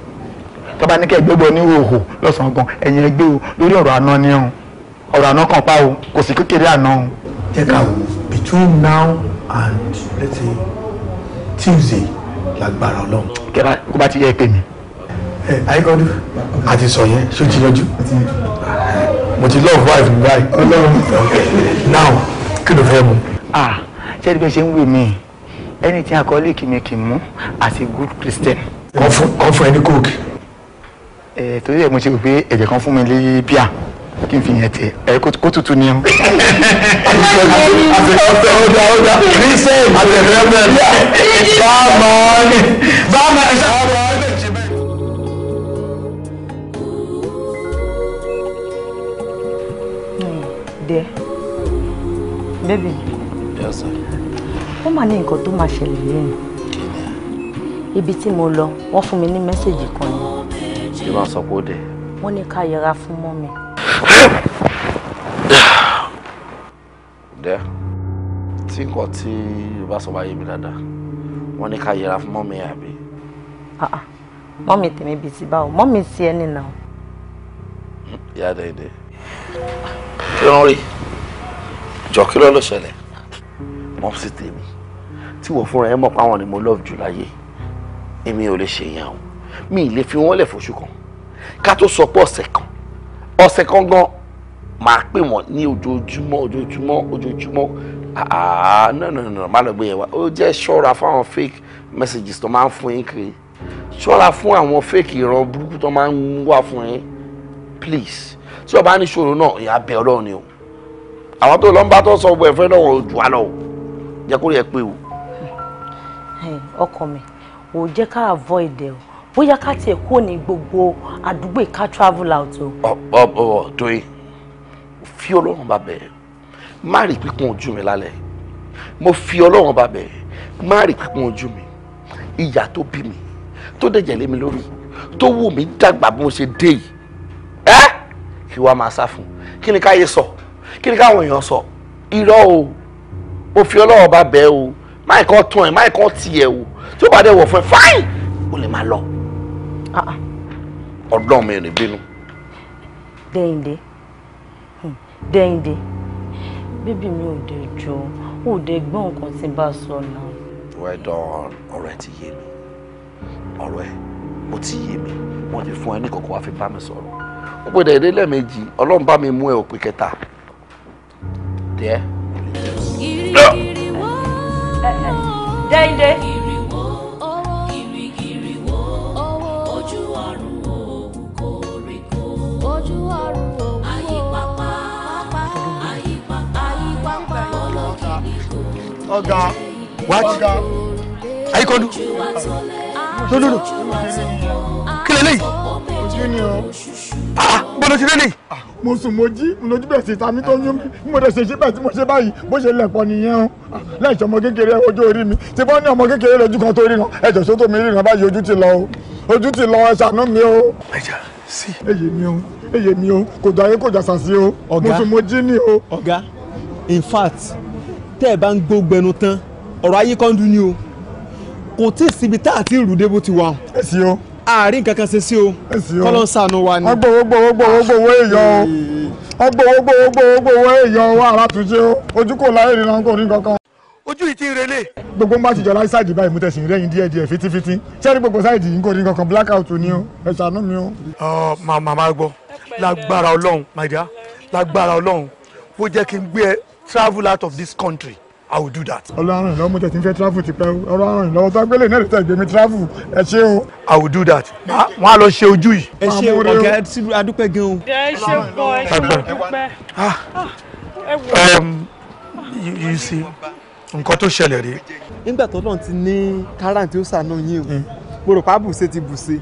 tọ́ba ní kẹ́ ẹ ní òhò lọ́sàn gan ẹ̀yin ẹgbẹ́ o lórí ọ̀rọ̀ àná ni o ọ̀rọ̀ àná kan pa o kò sì kékeré àná o. jẹ́ ká wò between now and let's say Tuesday lágbára ọlọ́run. kẹ́ra kó bá ti yẹ ẹ pè mí. ẹ ayíkọ́dú àti sọ yẹn ṣó ti yanjú. But you love wife mi báyìí. Ọlọ́run now kí ló fẹ́ mu. ah ṣé ẹni bẹ́ẹ̀ ṣe ń wè mí ẹni tí akọ́lé kìmìkì mú a good christian. kọ́ fún ẹni kóòkì. ẹ torí ẹ mo ṣe rò pé ẹ̀jẹ̀ kan fún mi lé bíà kí n fi yẹn tẹ ẹ kó tutù ni o. àtẹ̀fẹ́ ọ̀dà ọ̀dà kìrìsẹ́ẹ̀ àtẹ̀fẹ́ bẹ́ẹ̀ bá a mọ̀ ọ́ ni bá a mọ̀ ọ́ ni. dẹ bébì ó mà ní nǹkan tó máa ṣẹlẹ̀ lẹ́yìn ibi tí mo lọ wọ́n fún mi ní mẹ́sẹ̀gì kan ni. ṣé wọ́n sọ pé ó dẹ. wọ́n ní ká yẹra fún mọ́ mi. dẹ́ tí nǹkan tí yorùbá sọ bá yé mi dáadáa wọ́n ní ká yẹra fún mọ́ mi àbí. Ah, ah. mọ́ mi tèmi bíi ti báwo mọ́ mi ti ẹni náà. Hmm, yá dẹ́dẹ́ fẹ́ràn rí jọ kí ló ló ṣẹlẹ̀. mọ́ sí tèmi tí wọ́n fúnra ẹ mọ̀ páwọn ni mo love jù láyé èmi ò lè ṣe ìyẹn o mi ì lè fi wọ́n lẹ̀ fóṣù kan ká tó sọ pé ọ̀sẹ̀ kan ọ̀sẹ̀ kan gan máa pè wọ́n ní ojoojúmọ́ ojoojúmọ́ ojoojúmọ́ àà no no no má lọ gbé yẹn wá ó jẹ́ ṣọ́ra fáwọn fake messages tó máa ń fún yín kiri ṣọ́ra fún àwọn fake ìran burúkú tó máa ń wá fún yín please tí o bá ní ṣòro náà ìyá bẹ ọlọ́run ni o àwọn tó lọ ń bá tó sọ gbogbo ẹ̀fẹ́ náà wọ́n jù wá lọ o jẹ́ kó yẹ pé o. ọkọ mi ò jẹ́ ká avoid ẹ o bóyá ká tiẹ̀ kúrò ní gbogbo àdúgbò ká travel out o. ọ ọ tóye fi ọlọ́run bá bẹ̀ má rí pípọ́n ojú mi lálẹ́ mo fi ọlọ́run bá bẹ̀ má rí pípọ́n ojú mi ìyá tó bí mi tó dẹ̀jẹ̀ lé mi lórí tó wù mí dàgbà bí ṣe dé yìí kí wàá máa sá fún kí ni káyé sọ kí ni káwọn èèyàn sọ irọ́ o mo ọlọ́wọ́ bá bẹ́ẹ̀ o máì kan tún ẹ̀ máì kan tiẹ̀ o tí ó bá dẹ̀ wọ̀ fún ẹ fáìn o lè máa lọ. Ah, ah. ọ̀dọ́ mi rìn bínú. dẹ́yìndé hmm. dẹ́yìndé bébì mi ò dé jọ ò dé gbọ́n nǹkan tí bá sọ náà. wẹ́ẹ́ dán ọ̀rọ̀ ẹ ti yé mi ọ̀rọ̀ ẹ ó ti yé mi wọ́n ti fún ẹ ní kókó wá fi bá mi sọ̀rọ̀ ó pè dẹ̀ẹ́dẹ́ lẹ́ẹ̀mejì ọlọ́run bá mi mú ẹ òpè kẹta díẹ̀. dẹ́ndé. ọ̀gá ọ̀gá ayikọdu no no no kí ojú ni o ló ṣe lélẹ̀. mo sùn mo jí mo lójú bẹ̀rẹ̀ sí tàmí tó ń yún mi mo dẹ̀ ṣe ṣe bẹ́ẹ̀ tí mo ṣe báyìí bó ṣe lẹ̀pọ̀ nìyẹn o láìsọ ọmọ kékeré ojú orí mi tí bọ́ ní ọmọ kékeré lójú kan tó ríran ẹ̀jọ̀ sótó mi ríran báyìí ojú ti lọ o ojú ti lọ ẹ ṣàánú mi o. ẹja sí. èyí mi o èyí mi o kò dọ̀ ayé kò jà sàsí o mo sùn mo jí ni o. ọ̀gá in fact tẹ́ ẹ bá ń gbógbẹnu tán ọ̀rọ̀ ayé kan dún ni o kò tí ì síbi tá àti ìrù dé bó ti wà. ẹ sí o àárín kankan ṣe sí o kọ́lọ́ sànù wa ni. wọ́n gbowó gbowó gbowó gbowó èèyàn o wọ́n gbowó gbowó gbowó gbowó èèyàn o ara tún ṣe o ojú kò láyé ìrìnà kò ní kankan. ojú yìí ti ń relé. gbogbo ń bá ti jọ láì sáàdì báyìí mútẹ̀sìn rẹ́yìn díẹ̀ díẹ̀ fitifiti sẹ́ni gbogbo sáàdì yìí kò ní kankan blackout ni o ẹ ṣàánú mi o. ọ màmá máa gbọ́ lágbára Ọlọ́run màdìá lágbára Ọlọ́run ó jẹ́ kí n gbé ẹ travel out of this country I will do that. Ọlọ́run lọ́mú tẹ̀ fẹ́ travel ti pẹ́ o. Ọlọ́run lọ́wọ́ tó náà lè tẹ̀ travel. Ẹ ṣé o. I will do that. Wọ́n á lọ ṣe ojú yìí. Ẹ ṣé ọ̀gá tí a gan o. Ẹ ṣé bọ̀ ẹ ṣé dúpẹ́. Ah. Ah, um, you see, nǹkan tó ṣẹlẹ̀ rèé. Nígbà tó lọ́n ti ní káràǹtì ó ṣàánú yín o. Hmm mo rò pa bùsẹ̀ ti bùsẹ̀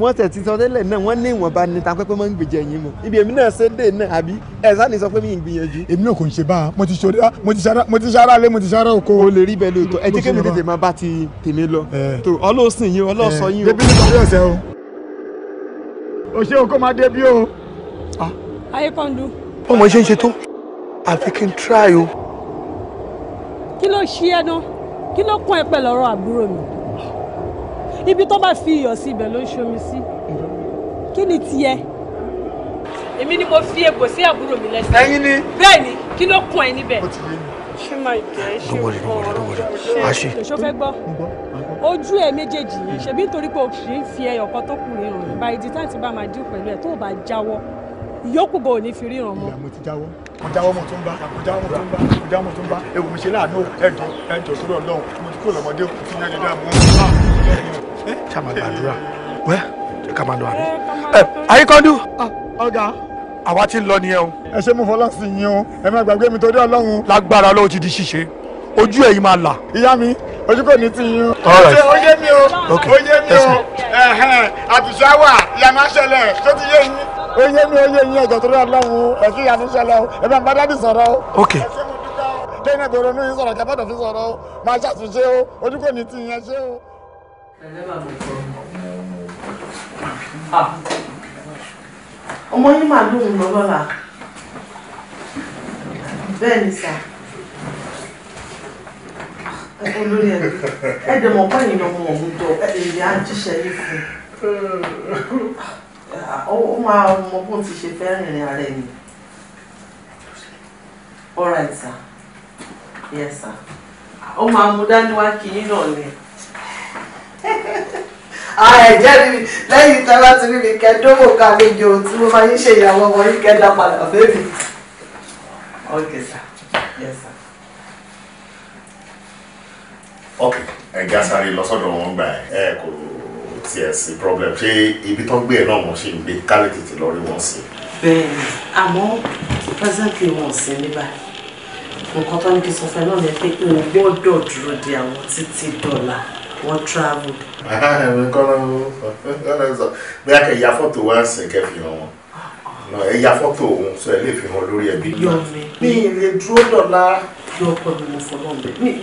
wọ́n tẹ̀ ti sọ náà wọ́n ní ìwọ̀nba ní ta pẹ́pẹ́ máa ń gbèjẹ yín mọ́ ibi èmi náà ṣe dé náà àbí ẹ̀ sáni sọ pé mi ì gbìyànjú. èmi náà kò ń ṣe báà mo mo ti ṣara mo ti ṣara lé mo ti ṣara oko. o lè rí bẹ́ẹ̀ lóòótọ́ ẹ jẹ́ kí mi tètè máa bá ti tèmi lọ tó ọlọ́sìn yín ọlọ́sọ yín o. débi nítorí ọ̀sẹ̀ o òṣè oko máa dé bí o. ayé kan dùn. ọmọ ṣe ń ṣe tó àfi kí n try o. kí ló ṣí ẹ ibi tó bá fi iyọ̀ sí ibẹ̀ ló ń ṣomi sí kí ni tiẹ̀. èmi ni mo fi egbò sí àbúrò mi lẹ́sẹ̀. ẹ̀yin ni. bẹ́ẹ̀ ni kí ló kún ẹ níbẹ̀. ó ti yé mi. ṣé máa jẹ ẹ ṣe kọ ṣe ṣe fẹ́ gbọ́ ojú ẹ méjèèjì yìí ṣebí nítorí pé o kì í fi ẹyọ kan tó kù ríran ìgbà ìdí táǹtì bá máa dín pẹ̀lú ẹ tó o bá jáwọ́ ìyókù bò ní fi ríran mọ́. mo ti jáwọ́ mo jáwọ́ mo tún bá mo jáwọ́ mo tún bá mo jáwọ́ mo tún bá ewu mi ṣe láàánú ẹ̀jọ̀ ẹ̀jọ̀ sórí ọlọ́run mo ti kúrò lọ́mọdé o yẹn lè dá mọ́ ọ́n. Eh, ṣàmà gbàdúrà wẹ́ ká máa lọ àbí. ẹ eh, àyíkọ́dún. Ah, ọ̀gá. àwa ti ń lọ nìyẹn o. ẹ ṣe mú fọlá sí yín o ẹ má gbàgbé mi torí ọlọ́run. lágbára ló ti di ṣíṣe ojú ẹ̀yin máa là. ìyá mi ojú kò ní ti yín o. ṣe oyé mi o oyé mi o àbùsáwà yàrá ṣẹlẹ̀ tó ti yé yín. oyé mi oyé yín ẹ̀jọ̀ torí ọlọ́run ẹ̀kí yàrá ṣẹlẹ̀ o ẹ̀fẹ̀ ń bá dádì sọ̀rọ̀ o. ok lẹ́yìn náà bẹ̀rẹ̀ onú yín sọ̀rọ̀ kẹ́fọ́dọ̀ fi sọ̀rọ̀ o máa ṣàtúnṣe o ojú kò ní ti yẹn ṣe o ọmọ yín máa lóhun lọ lọ́la bẹ́ẹ̀ ni sà olórí ẹ̀ ẹ̀ dẹ̀ mọ̀ báyìí ni ọmọ ọ̀hún jọ èyí á jíṣẹ́ yìí fún ó máa mọ bó ti ṣe fẹ́ rìnrìn ààrẹ ni all right sir yes sir ó máa mú dání wá kí yín náà ni àìjẹ́ ah, mi lẹ́yìn tí a bá ti rí mi kẹ́dọ́wò ká àlejò tí mo máa ń ṣe ìyàwó ọmọ yìí kẹ́dá padà bébì. ok sir yes sir. okay ẹ̀gá sáré lọ́sọ̀dọ̀ wọn gbà ẹ̀ kò tiẹ̀ sí problem ṣé ibi tó ń gbé ẹ̀ náà wọ́n ṣe ń gbé kálí tètè lọ rí wọn sí. bẹ́ẹ̀ni àmọ́ presently wọn ò sí níbà nǹkan tó ń kí sọ náà ni pé n gbọ́dọ̀ dúró de àwọn títí dọ́là wọ́n travel. ẹ̀mí kọ́ ló ń sọ bí akẹ́ ya fọ́tò wá ń sìn kẹ́ fi hàn wọ́n ah, ah. ẹ ya fọ́tò òun sọ ẹ lè fi hàn lórí ẹbí mi. mi lè dúró dọ̀la. yọ ọkọ mi mo fọ náà bẹ́ẹ̀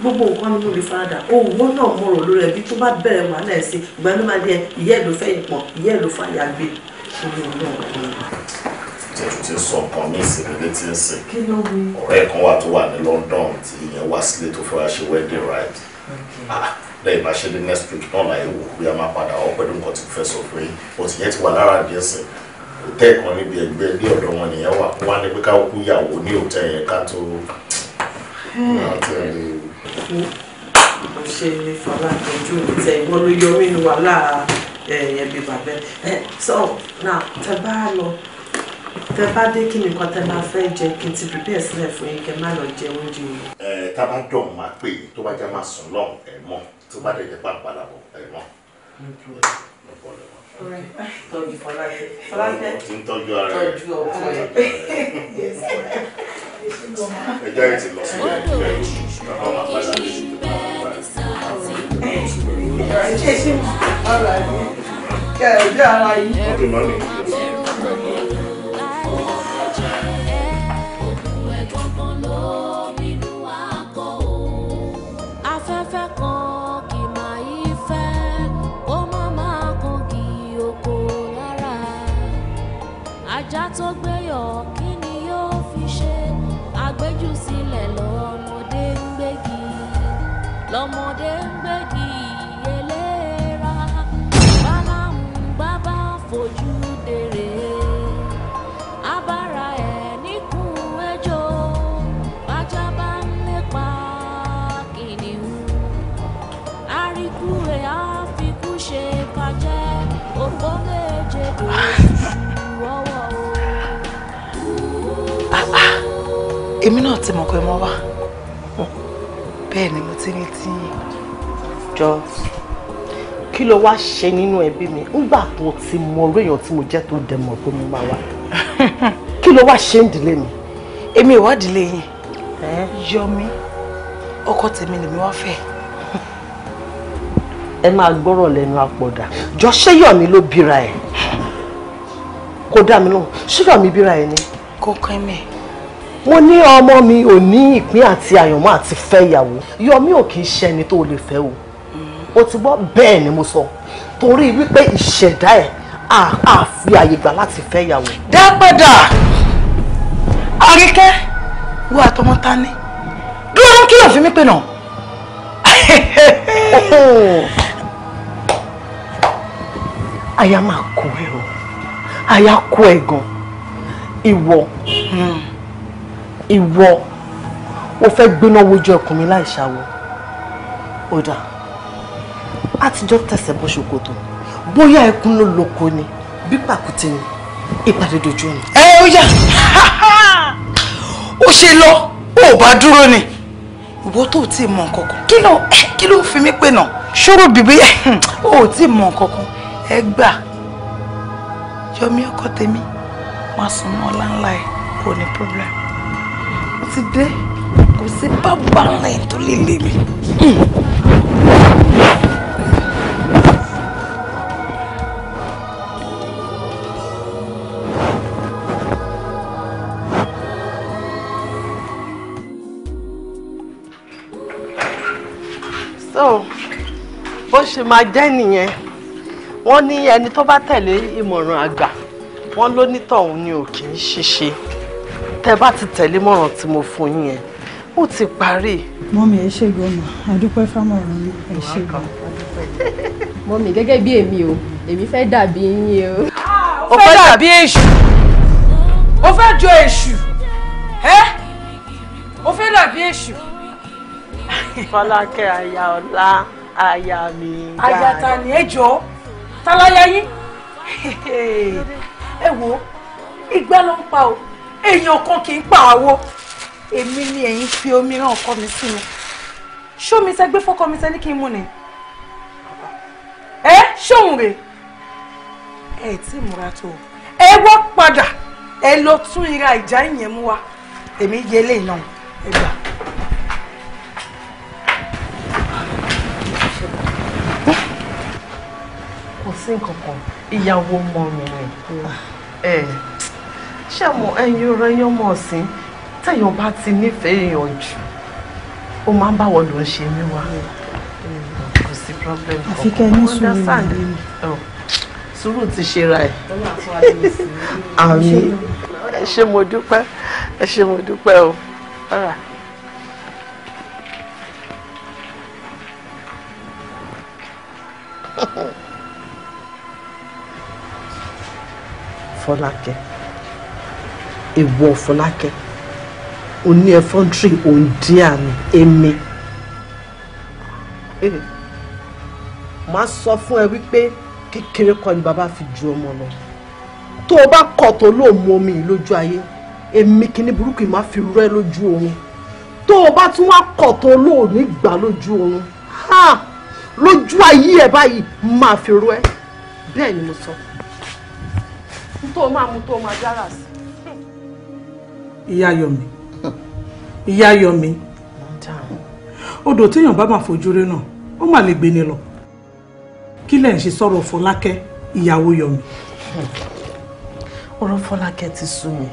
gbogbo nǹkan ni mo lè farada òwò náà mo rò lórí ẹbí tó bá bẹ̀rẹ̀ wà náà sí ìgbà ló máa di ẹ ìyá ẹ̀ ló fẹ́ ìpọ̀n ìyá ẹ̀ ló fà yà gbé òwò náà ti sọ kan ní ìsìnkú tí ń sìn ọ̀rẹ́ kan wà tó wà ní London tí ìyẹn wá sílé tó fẹ́ wá ṣe wedding right lẹ́yìn máa ṣe ní next week náà láyé wò bí a máa padà ọ pẹ̀lú nǹkan tí mo fẹ́ sọ fún yín òtí yẹn ti wà lára díẹ̀ sí òtẹ́ kan níbi ẹgbẹ́ ní ọ̀dọ̀ wọn nìyẹn wà wọn á ní pé ká kú ìyàwó ní òtẹ́ yẹn ká tó. ṣe ni fàlà ìtọ́jú tẹ ìwọ ló yọ mí wàhálà ẹ̀yẹ bàbá ẹ so now tẹ bá lọ tẹ bá dé kí nìkan tẹ máa fẹ́ jẹ kí n ti prepare sílẹ̀ fún yín kẹ má lọ jẹ oúnjẹ yìí. ẹ tá dọ̀ máa pè é tó bá jẹ́ máa sùn lọ́hùn ẹ̀ mọ́ tó bá dẹ̀ jẹ́ bá padà ẹ̀ mọ́. tọ́jú fọlákẹ́ fọlákẹ́ tọ́jú ara ẹ̀ tọ́jú ọkọ ẹ̀. ẹjọ́ yìí ti lọ sílẹ̀ ìpínlẹ̀ Èkó bàbá máa padà lè ṣe tó ṣe ṣe ọ̀rọ̀ àyè kẹ̀ ẹ̀jẹ̀ ara yìí. ajá tó gbéyọ̀ kí ni yóò fi ṣe àgbéjù sílẹ̀ lọ́mọdé ń gbégi lọ́mọdé ń gbégi. ti mọ̀ pé wọ́n wà bẹ́ẹ̀ ni mo ti ní tí yín. jọ kí ló wáá ṣe nínú ẹbí mi nígbà tó ti mọ orí èèyàn tí mo jẹ́ tó dẹ̀ mọ̀ pé mo máa wà kí ló wáá ṣe ń dílé mi. èmi ìwádìí lè yìn yọmí ọkọ tèmi lèmi wá fẹ́. ẹ máa gbọ́rọ̀ lẹ́nu apọ̀dà jọ ṣé yọ̀mí ló bíra ẹ̀ kó dá mi lóhùn ṣé yọ̀mí bíra ẹ̀ ni. kó kọ́ ẹ̀mẹ́ ó ní ọmọ mi ò ní ìpín àti àyànmọ́ àti fẹ́ ìyàwó yọmí ò kì í ṣẹni tó lè fẹ́ o o ti gbọ́ bẹ́ẹ̀ ni mo sọ torí wípé ìṣẹ̀dá ẹ̀ á fi àyè gbà láti fẹ́ ìyàwó. dá padà àríkẹ́ wo àtọmọ ta ni dúró kí ló fi mí pè náà. àyà máa kó ẹ o àyà kó ẹ gan ìwọ. Hmm ìwọ o fẹ́ gbéná wojú ẹkùn mi láì ṣàwọ ó dà á ti jọ tẹ̀sẹ̀ bọ́ ṣòkòtò bóyá ẹkùn ló lóko ni bí pàkúté ni ìpàdé dojú ni. ẹ ó yà ó ṣe lọ ó bá dúró ni ìwọ tó ò tí ì mọ nǹkan kan kí ló kí ló ń fi mí pè náà ṣòro bìbí ó ò mọ nǹkan ẹ gbà yọmí ọkọ tèmi máa sùn mọ́ ọlá ńlá ẹ kò ní problem ti dé kò sí bàbá rẹ̀ tó lè lè mi. ṣe máa jẹ́ nìyẹn wọ́n ní ẹni tó bá tẹ̀lé ìmọ̀ràn àgbà wọ́n ló ní tọ̀hún ni ò kì í ṣiṣẹ́ tẹ́ bá ti tẹ̀lé mọ̀ràn tí mo fún yín yẹn ó ti parí. mọ́mí ẹ ṣe gbọ́mọ̀ àdúpẹ́ fámọ̀ràn mi ẹ ṣe gbọ́mọ̀. mọ́mí gẹ́gẹ́ bí èmi o èmi fẹ́ dàbí yín o. o ah, fẹ́ dàbí èṣù o fẹ́ jọ èṣù ẹ́ o fẹ́ dàbí èṣù. fọlákẹ́ aya ọlá aya mi. aya ta ni ẹ jọ ta láyà yín ẹ wo ìgbà ló ń pa o èèyàn kan kì í pa àwo èmi ni ẹ̀yin fi omi ràn ọkọ mi sí mi ṣó mi sẹ́gbẹ́ fọ́kọ mi sẹ́ni kí n mú ni ẹ ṣóhun rè ẹ tí múra tó ẹ wọ́ padà ẹ lọ tún ira ìjà ìyẹn mú wa èmi yẹ eléyìí náà ẹ gbà. kò sí nǹkan kan ìyàwó mọ́ mi ni ṣàmù ẹyin ọ̀rọ̀ ẹyin ọmọ ọ̀sìn tẹ̀yàn bá ti nífẹ̀ẹ́ èèyàn jù ó máa ń báwọ̀ ló ń ṣe mí wá kò sí problem kankan understand sùúrù ti ṣe ra ẹ̀ àmì ẹ ṣé mo dúpẹ́ ẹ ṣé mo dúpẹ́ o ọ̀rà. Fọlákẹ́ èwọ̀ fọlákẹ́ òní ẹ̀fọ́ntì òǹdí àmì èmi. màá sọ fún ẹ wípé kékeré kọ́ ni bàbá fi ju ọmọ lọ tó o bá kọ̀ tó lóò mú omi yìí lójú ayé èmi kìíní burúkú yìí máa fi rẹ́ lójú oorun tó o bá tún wá kọ̀ tó lóò ní gbà lójú oorun lójú ayé ẹ báyìí máa fi rú ẹ bẹ́ẹ̀ ni mo sọ tó máa mú tó máa dára sí ìyá yọ̀mí ìyá yọ̀mí odò téèyàn bá máa fojú rí náà ó mà lè gbéni lọ kí lẹ̀ ń ṣe sọ̀rọ̀ fọlákẹ́ ìyàwó yọ̀mí. ọ̀rọ̀ fọlákẹ́ ti sú mi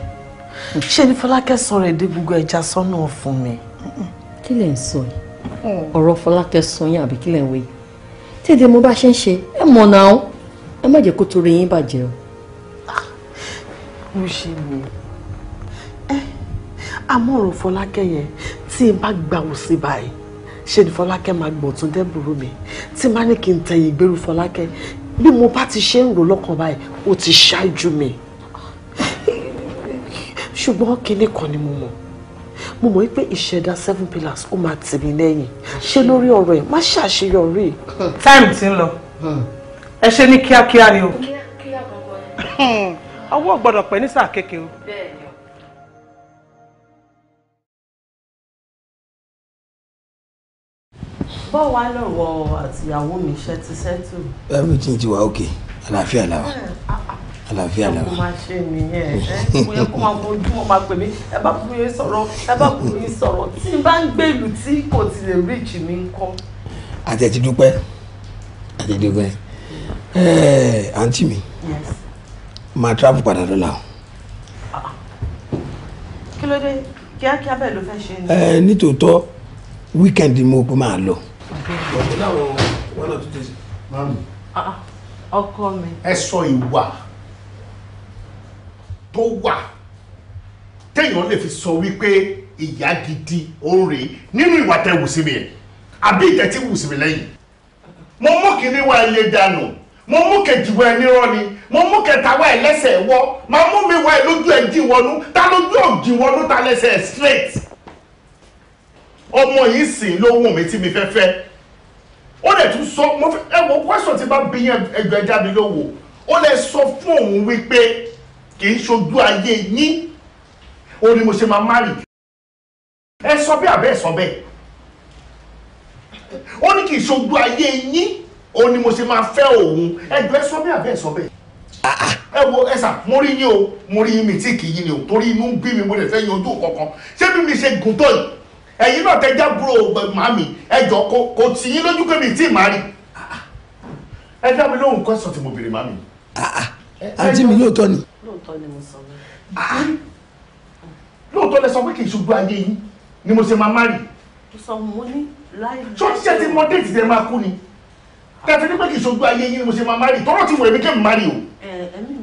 ṣé ni fọlákẹ́ sọ̀rọ̀ èdè gbogbo ẹja sọ́nà ọ̀fun mi. kí lẹ̀ ń sọ yìí ọ̀rọ̀ fọlákẹ́ sọ yín àbí kí lẹ̀ ń wé yìí tètè mo bá ṣe ń ṣe ẹ mọ̀ náà ẹ má jẹ́ kó torí yín bàjẹ́ o. ó ṣe mi àmọ́ ọ̀rọ̀ fọlákẹ́ yẹn tí n bá gbà wò sí báyìí ṣe ni fọlákẹ́ máa gbọ̀n tún dẹ́bùrú mi tí n bá ní kí n tẹ̀yìn ìgbèrú fọlákẹ́ bí mo bá ti ṣe ń rò lọ́kàn báyìí ó ti ṣáájú mi ṣùgbọ́n kinní kan ni mo mọ̀ mo mọ̀ pé ìṣẹ̀dá seven pillars ó máa tì mí lẹ́yìn ṣé lórí ọ̀rọ̀ ẹ̀ má ṣàṣeyọrí. táìmù ti ń lọ ẹ ṣe ní kíákíá ni o ọwọ́ gbọ́dọ̀ pẹ́ ní sáà kékeré o. báwo wá lọ́wọ́ àtìyàwó mi ṣe ti ṣẹ́tù. everything ti wà okay àlàáfíà làwà eh, àlàáfíà làwà. ọkùnrin máa ṣe nìyẹn ẹ mo yẹ kó máa bójú wọn máa pè mí ẹ bá bú mi sọ̀rọ̀ ẹ bá bú mi sọ̀rọ̀ tí n bá ń gbé ìlú tí kò ti lè reach mi ń kọ́. àtẹ̀tí dúpẹ́ ẹ̀ẹ́ eh, àǹtí mi máa travel padà lọ́la o. kí ló dé kíákíá bẹ́ẹ̀ ló fẹ́ ṣe ni. ẹ eh, nítòótọ́ weekend ni mo pé máa lọ ọ̀pọ̀ láwọn wọn náà tún tẹ̀sí. mami. ọkọ mi. ẹ sọ ìwà tó wà téèyàn lè fi sọ wípé ìyá gidi ó rè nínú ìwà tẹ wù sí mi yẹn àbí ìtẹ́ tí wù sí mi lẹ́yìn mo mú kínní wa ilé dànù mo mú kejì wa ẹni rọ mo mú kẹta wa ẹlẹ́sẹ̀ wọ màá mú mi wa ẹ lójú ẹ̀ jìn wọnú ta lójú ọ̀ jìn wọnú ta lẹ́sẹ̀ straight ọmọ yìí sìn ló wù mí tí mi fẹ́ fẹ́ ó lè tún sọ mo fẹ́ ẹ wo question tí bá bí yẹn ẹgbẹ́ ẹja mi ló wò ó lè sọ fún òun wípé kì í ṣojú ayé yín ó ní mo ṣe máa márì ẹ sọ bẹ́ẹ̀ àbẹ́ ẹ sọ bẹ́ẹ̀ ó ní kì í ṣojú ayé yín ó ní mo ṣe máa fẹ́ òun ẹgbẹ́ ẹ sọ bẹ́ẹ̀ àbẹ́ ẹ sọ bẹ́ẹ̀ ah, ah. ẹ wo ẹ sà mo rí yín o mo rí yín mi tí kì í yín ni o torí inú bí mi mo lè fẹ́ yanjú kankan ṣé bí mi ṣe gùn tó yìí ẹ̀yin náà tẹ́já búrò màmí ẹjọ́ kò tì yín lójú pé mi tí ì má rí ẹ dá mi lóhùn kọ́sọ̀ tí mo béèrè màmí. Ah, ah. àǹtí mi lóòótọ́ ni. lóòótọ́ ni mo sọ bẹ́ẹ̀. Ah, lóòótọ́ lẹ sọ pé kì í ṣubú ayé yín ni mo ṣe máa má rí. mo sọ mo ní láì. ṣọ́ọ́ṣẹ́ ti mọ déètì tẹ máa kú ni tẹ̀sí ní pé kì í ṣubú ayé yín ni mo ṣe máa má rí tọ́rọ̀ ti wọ̀ ẹ̀mí kẹ́ má rí o. ẹ̀mí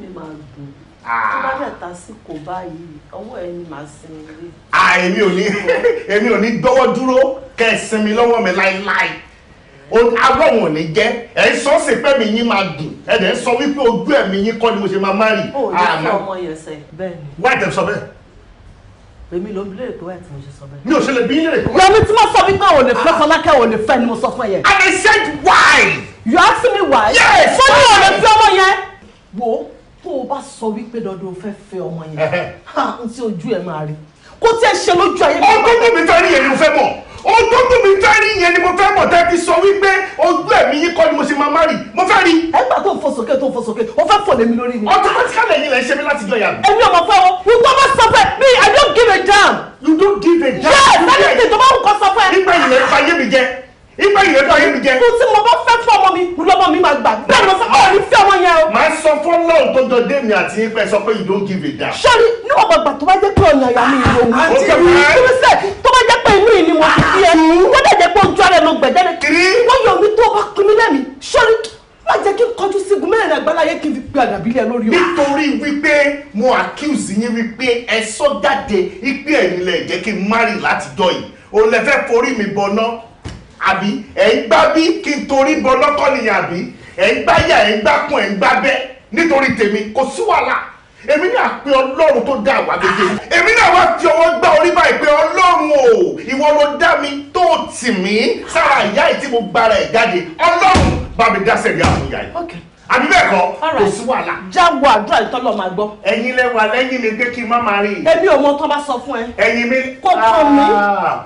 Ah. tó bá dẹ̀ tásìkò báyìí ọwọ́ ẹ ni màá sinmi rí. Ah, èmi ò ní èmi ò ní gbọ́wọ́ dúró kẹ́ ẹ sinmi lọ́wọ́ mi láéláé agbọ́wọ̀n ò ní jẹ́ ẹ̀ ń sọ sí pẹ́mi yín máa dùn ẹ̀ dẹ̀ ń sọ wípé ojú ẹ̀mí yín kọ́ ni mo ṣe máa má rì. o ò ah, ní ọmọ yẹn sẹ bẹ́ẹ̀ wáyé tẹ̀ bẹ́ẹ̀. èmi ló ń bilé ètò wáyé tí mo ṣe sọ bẹ́ẹ̀. mi ò ṣe lè bí yín lè. yẹmi tí mo sọ wípé òun lè fẹ́ fọlákẹ́ òun lè fẹ́ ni mo sọ fún ẹ yẹn. and I said why. you ask me why. yes fọ́nù òun fi ọmọ yẹn. wo tó o bá sọ wípé dandan o fẹ́ fẹ́ ọmọ yẹn n tí ojú ẹ máa rí kó tiẹ̀ ṣe lójú ayé. ọdún tí mi fẹ́ rí yẹn ni mo fẹ́ mọ̀ ọdún tí mi fẹ́ rí yẹn ni mo fẹ́ mọ̀ tẹ́ fi sọ wípé ojú ẹ̀mí yín kọ́ ni mo ṣe máa má rí mo fẹ́ rí. ẹgbà tó fò sókè tó fò sókè o fẹ́ fò lèmi lórí mi. automatically ẹ̀yin lẹ ṣe mí láti jọ yà mí. èmi ò mọ̀ pé o bá sọ pé me I don't give a damn. you don't give a damn. yes anything tó bá wù kó sọ pé. nígbà yìí lè fa yé mi jẹ ìgbà yìí lẹ́tọ́ ayé mi jẹ. kò tí mo bá fẹ́ fún ọmọ mi lọ́mọ mi máa gbà bẹ́ẹ̀ lọ sọ́kọ́ ọ̀rí fẹ́ ọmọ yẹn o. màá sọ fún lọ́run tó jọ dé mi àti yín sọ pé you don't give a damn. sọ́ni ní ọ̀pọ̀ ìgbà tó bá jẹ́ pé ọ̀nà ìyá mi ìlú òun. àti ìrúsẹ̀ tó bá jẹ́ pé inú ìní mo ti fi ẹ wọ́n dẹ̀ jẹ́ pé ojú ara ẹ̀ lọ gbẹ̀dẹ́ ni. wọ́n yọ mi tó bá pin mi lẹ́mi sọ́ni má jẹ́ kí n kọjú sígun mẹ́rin àgbáláyé kí n fi pe àdàbílẹ̀ lórí o. nítorí wípé mo accuse yín wípé ẹ sọ jáde ipe ẹ̀yin lẹ jẹ́ kí n marry látijọ́ yìí òun lè fẹ́ forí mi bọ̀ náà àbí ẹ̀ ń gbá bí kí n torí bọ lọ́kọ́ nìyẹn àbí ẹ̀ ń gbáyà ẹ̀ ń gbákun ẹ̀ ń gbábẹ́ nítorí tèmi kò sí wàhálà èmi náà pe ọlọ́run tó dá àwa gbẹgbẹ èmi náà wá fi ọwọ́ gbá orí báyìí pé ọlọ́run o ìwọ ló dá mi tó tì mí sára ìyá yìí tí mo gbára ẹ̀ jáde ọlọ́run bá mi dá sẹ́yìn àwọn ìyá yìí àbí bẹ́ẹ̀ kọ́ kò sí wàhálà. jáwọ àdúrà yìí tọ́lọ́ máa gbọ́. ẹ̀yin lẹ́wà lẹ́yìn mi gbé kí n má máa rí i. èmi ò mọ tán bá sọ fún ẹ. ẹ̀yin mi kò tán mi. Ah,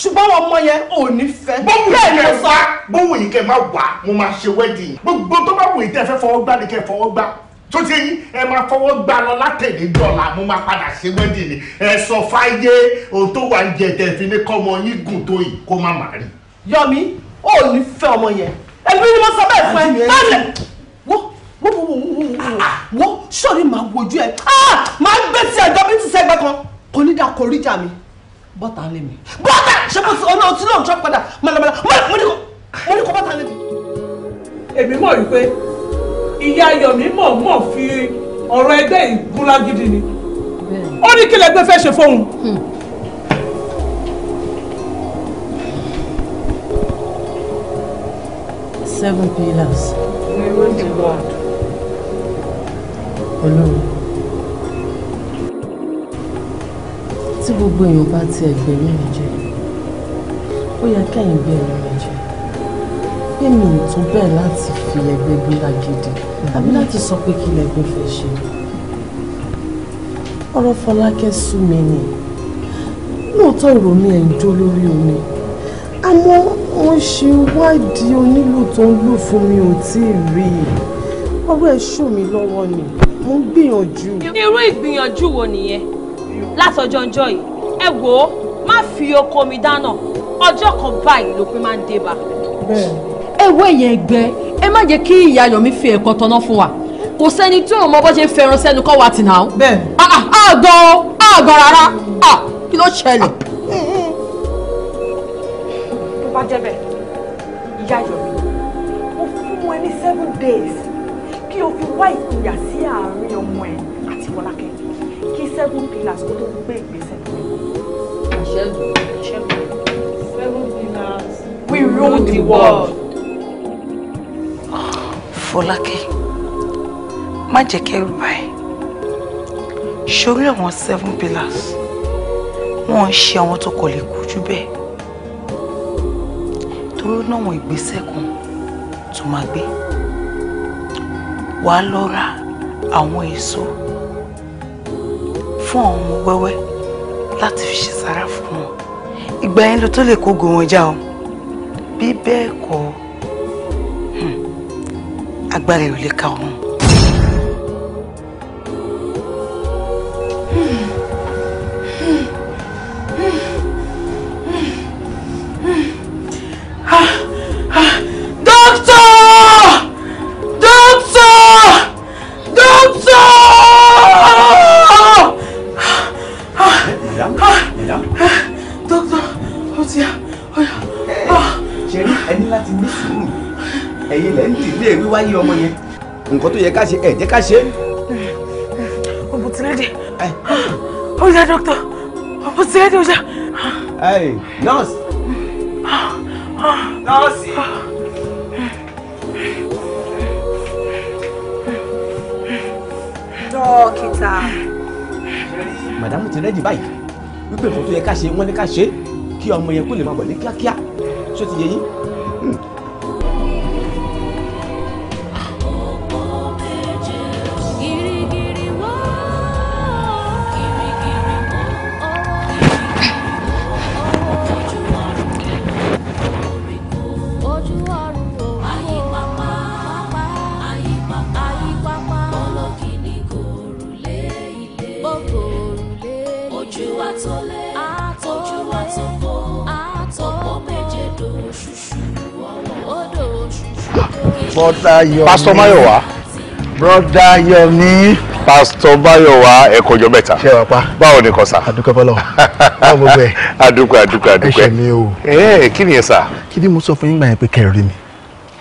ṣùgbọ́n ọmọ yẹn ò ní fẹ́. bówù yìí kẹ wá bówù yìí kẹ má wá mo máa ṣe wẹ́dìn. gbogbo tó bá wù yìí tẹ́ fẹ́ fọwọ́ gbá ni kẹ́ fọwọ́ gbá tó ti yín ẹ máa fọwọ́ gbá lọ látẹ̀lé dọ́là mo máa padà ṣe wẹ́dìn ni ẹ sọ fáyé ohun wà ń jẹ tẹ̀ fi ní kọ́mọ yín gùn tó yìí kó má máa rí. yọmi ò ní fẹ́ ọmọ yẹn ẹbí ni mo sọ bẹ́ẹ̀ fún ẹ lálẹ́. Ah, wo sọ̀rí màá wojú ẹ e. ah, màá gbé sí ẹ̀dọ́ bí ti sẹ́gbẹ́ kan kò ní dà kórí jà mi bọ́tà lé mi bọ́tà ṣé mo ti ọ̀nà ọtí náà tún padà mọ̀lẹ́mọ̀lẹ́ mo ní kó bọ́tà lé mi. èmi mọ̀ wípé ìyá Yọ̀mí mọ̀ mọ̀ fi ọ̀rọ̀ ẹgbẹ́ ìbúra gidi ni ó ní kí lẹgbẹ́ fẹ́ ṣe fóun. Hmm. seven pillars. We will Ọlọ́run tí gbogbo èèyàn bá ti ẹgbẹ̀rún mi jẹ ó yẹ kẹ́yìn gbẹ̀rún mi jẹ pé mi ò tún bẹ́ẹ̀ láti fi ẹgbẹ́ gbéra gidi àbí láti sọ pé kí lẹgbẹ́ fẹ́ ṣe ọ̀rọ̀ Fọlákẹ́ sú mi ni lóòótọ́ ìrònú ẹ̀ ń jó lórí omi àmọ́ mo ṣe wádìí onílù tó ń lù fún mi ò tí ì rí i ọ̀rọ̀ ẹ̀ ṣù mí lọ́wọ́ ni mo ń gbìyànjú. irú ìgbìyànjú wo nìyẹn látọjọ́ ọjọ́ yìí ẹ wò ó má fi oko mi dáná ọjọ́ kan báyìí ló pé máa ń dé bá. ẹ wo èèyàn ẹgbẹ́ ẹ má jẹ́ kí ìyá Yọ̀mí fi ẹ̀kọ́ tọ́ná fún wa kò sẹ́ni tí òun mọ bó ṣe ń fẹ́ràn sẹ́nu kọ́ wa tìǹà o. bẹ́ẹ̀ ah, ah, ah, àgọ́ àgọ́ rárá kí ló ṣẹlẹ̀. tó bá jẹ́ bẹ́ẹ̀ ìyá Yọ̀mí mo fún ẹ ní seven days kí o fi wá ìpìyà sí àárín ọmọ ẹ àti Fọlákẹ́ kí seven pillars kó tó gbé ìgbésẹ̀ we rule the world. Fọlákẹ́ má jẹ́ kẹ́rù báyìí ṣorí àwọn seven pillars wọ́n ń ṣe àwọn tó kọ̀ lè kú jù bẹ́ẹ̀ torí náà wọ́n ìgbésẹ̀ kan tó máa gbé wàá lọ ra àwọn èso fún àwọn ọmọ wẹ́wẹ́ láti fi ṣe sára fún wọn ìgbà yẹn ló tó lè kógo wọn já o bí bẹ́ẹ̀ kọ́ àgbàlẹ̀ hmm, ò lè ka ọ̀hún. ká ṣe ẹ jẹ́ ká ṣe. ọ̀bùn ti rédè ó yá dókítà ọ̀bùn ti rédè ó yá. nọ́ọ̀sì nọ́ọ̀sì. dókítà. màdàmú ti rẹ́jì báyìí wípé nǹkan tó yẹ ká ṣe wọ́n ní ká ṣe kí ọmọ yẹn kó lè máa bọ̀ ní kíákíá ṣó ti yẹ yín. ojú wa tó lẹ̀ ojú wa tó bọ̀ ọ̀pọ̀ méje do ṣùṣù ọwọ́ odò ṣùṣù. bọ́dà yọmi pásítọ̀ máyọ̀wá. bọ́dà yọmi. pásítọ̀ máyọ̀wá ẹ̀kọ́ ọjọ́ mẹ́ta. ṣé pa. báwo ni kò sá. àdúpẹ́ bọ́lọ̀ báwo gbogbo ẹ̀. àdúpẹ́ àdúpẹ́ àdúpẹ́. ẹ̀ṣẹ̀ mi o. ẹ̀ẹ́ eh, kí ni ẹ sà. kí ni mo sọ fún yín gbà yẹn pé kẹrin mi.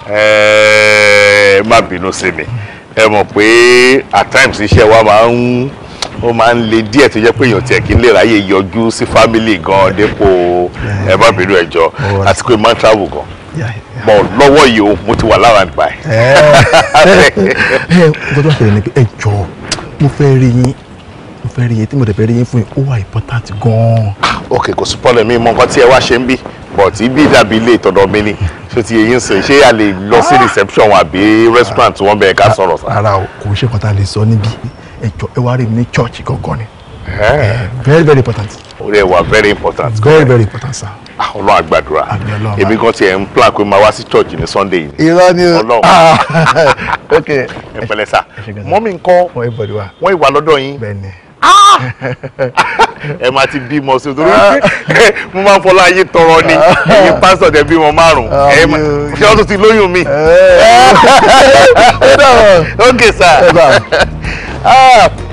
ẹ̀ẹ́ eh, má bínú sí mi ẹ mọ̀ pé at times iṣẹ́ wa máa ń ó máa ń le díẹ̀ tó jẹ́ pé èèyàn tiẹ̀ kí n lè ráyè yọjú sí fámìlì gan dépò ẹ má bínú ẹjọ́ àti pé máa ń travel gan mọ lọ́wọ́ yìí o mo ti wà lára nípa eh. Eh, eh, ẹ. ẹ ẹ gbọ́dọ̀ àṣẹ ni ẹ jọ mo fẹ́ rí yín mo fẹ́ rí yín tí mo dẹ̀ fẹ́ rí yín fún yín ó wà important gan ok kò sí pọ́lẹ̀ mi mọ nǹkan tí ẹ wá ṣe ń bí but ibi ìdàbí ilé ìtọ́dọ̀ mi ni ṣé ti èyí ń sè ṣé a lè lọ sí reception àbí restaurant wọn bẹ̀ẹ́ ká sọ̀rọ̀ sá. ara kò ṣe nǹkan tá sọ níbí ẹjọ ẹ wá rí mi ní church gangan ni. very very important. o de wa very important. very very important sir. Ah, ọlọ́run àgbàdúrà èmi kan tiẹ̀ ń plan pé máa wá sí church ní sunday yìí. irọ́ ni o ọlọ́run ah. ok ẹ pẹ̀lẹ́ sà mọ́mí nǹkan wọ́n ìwà lọ́dọ̀ yín. bẹ́ẹ̀ni ah! ẹ máa ti bímọ sí torí eh, mo máa ń fọlá ayé tọrọ ni ẹ̀yin pásítọ̀ tẹ bímọ márùn ẹ ṣé wọ́n tún ti lóyún mi. Eh. ok sir. 二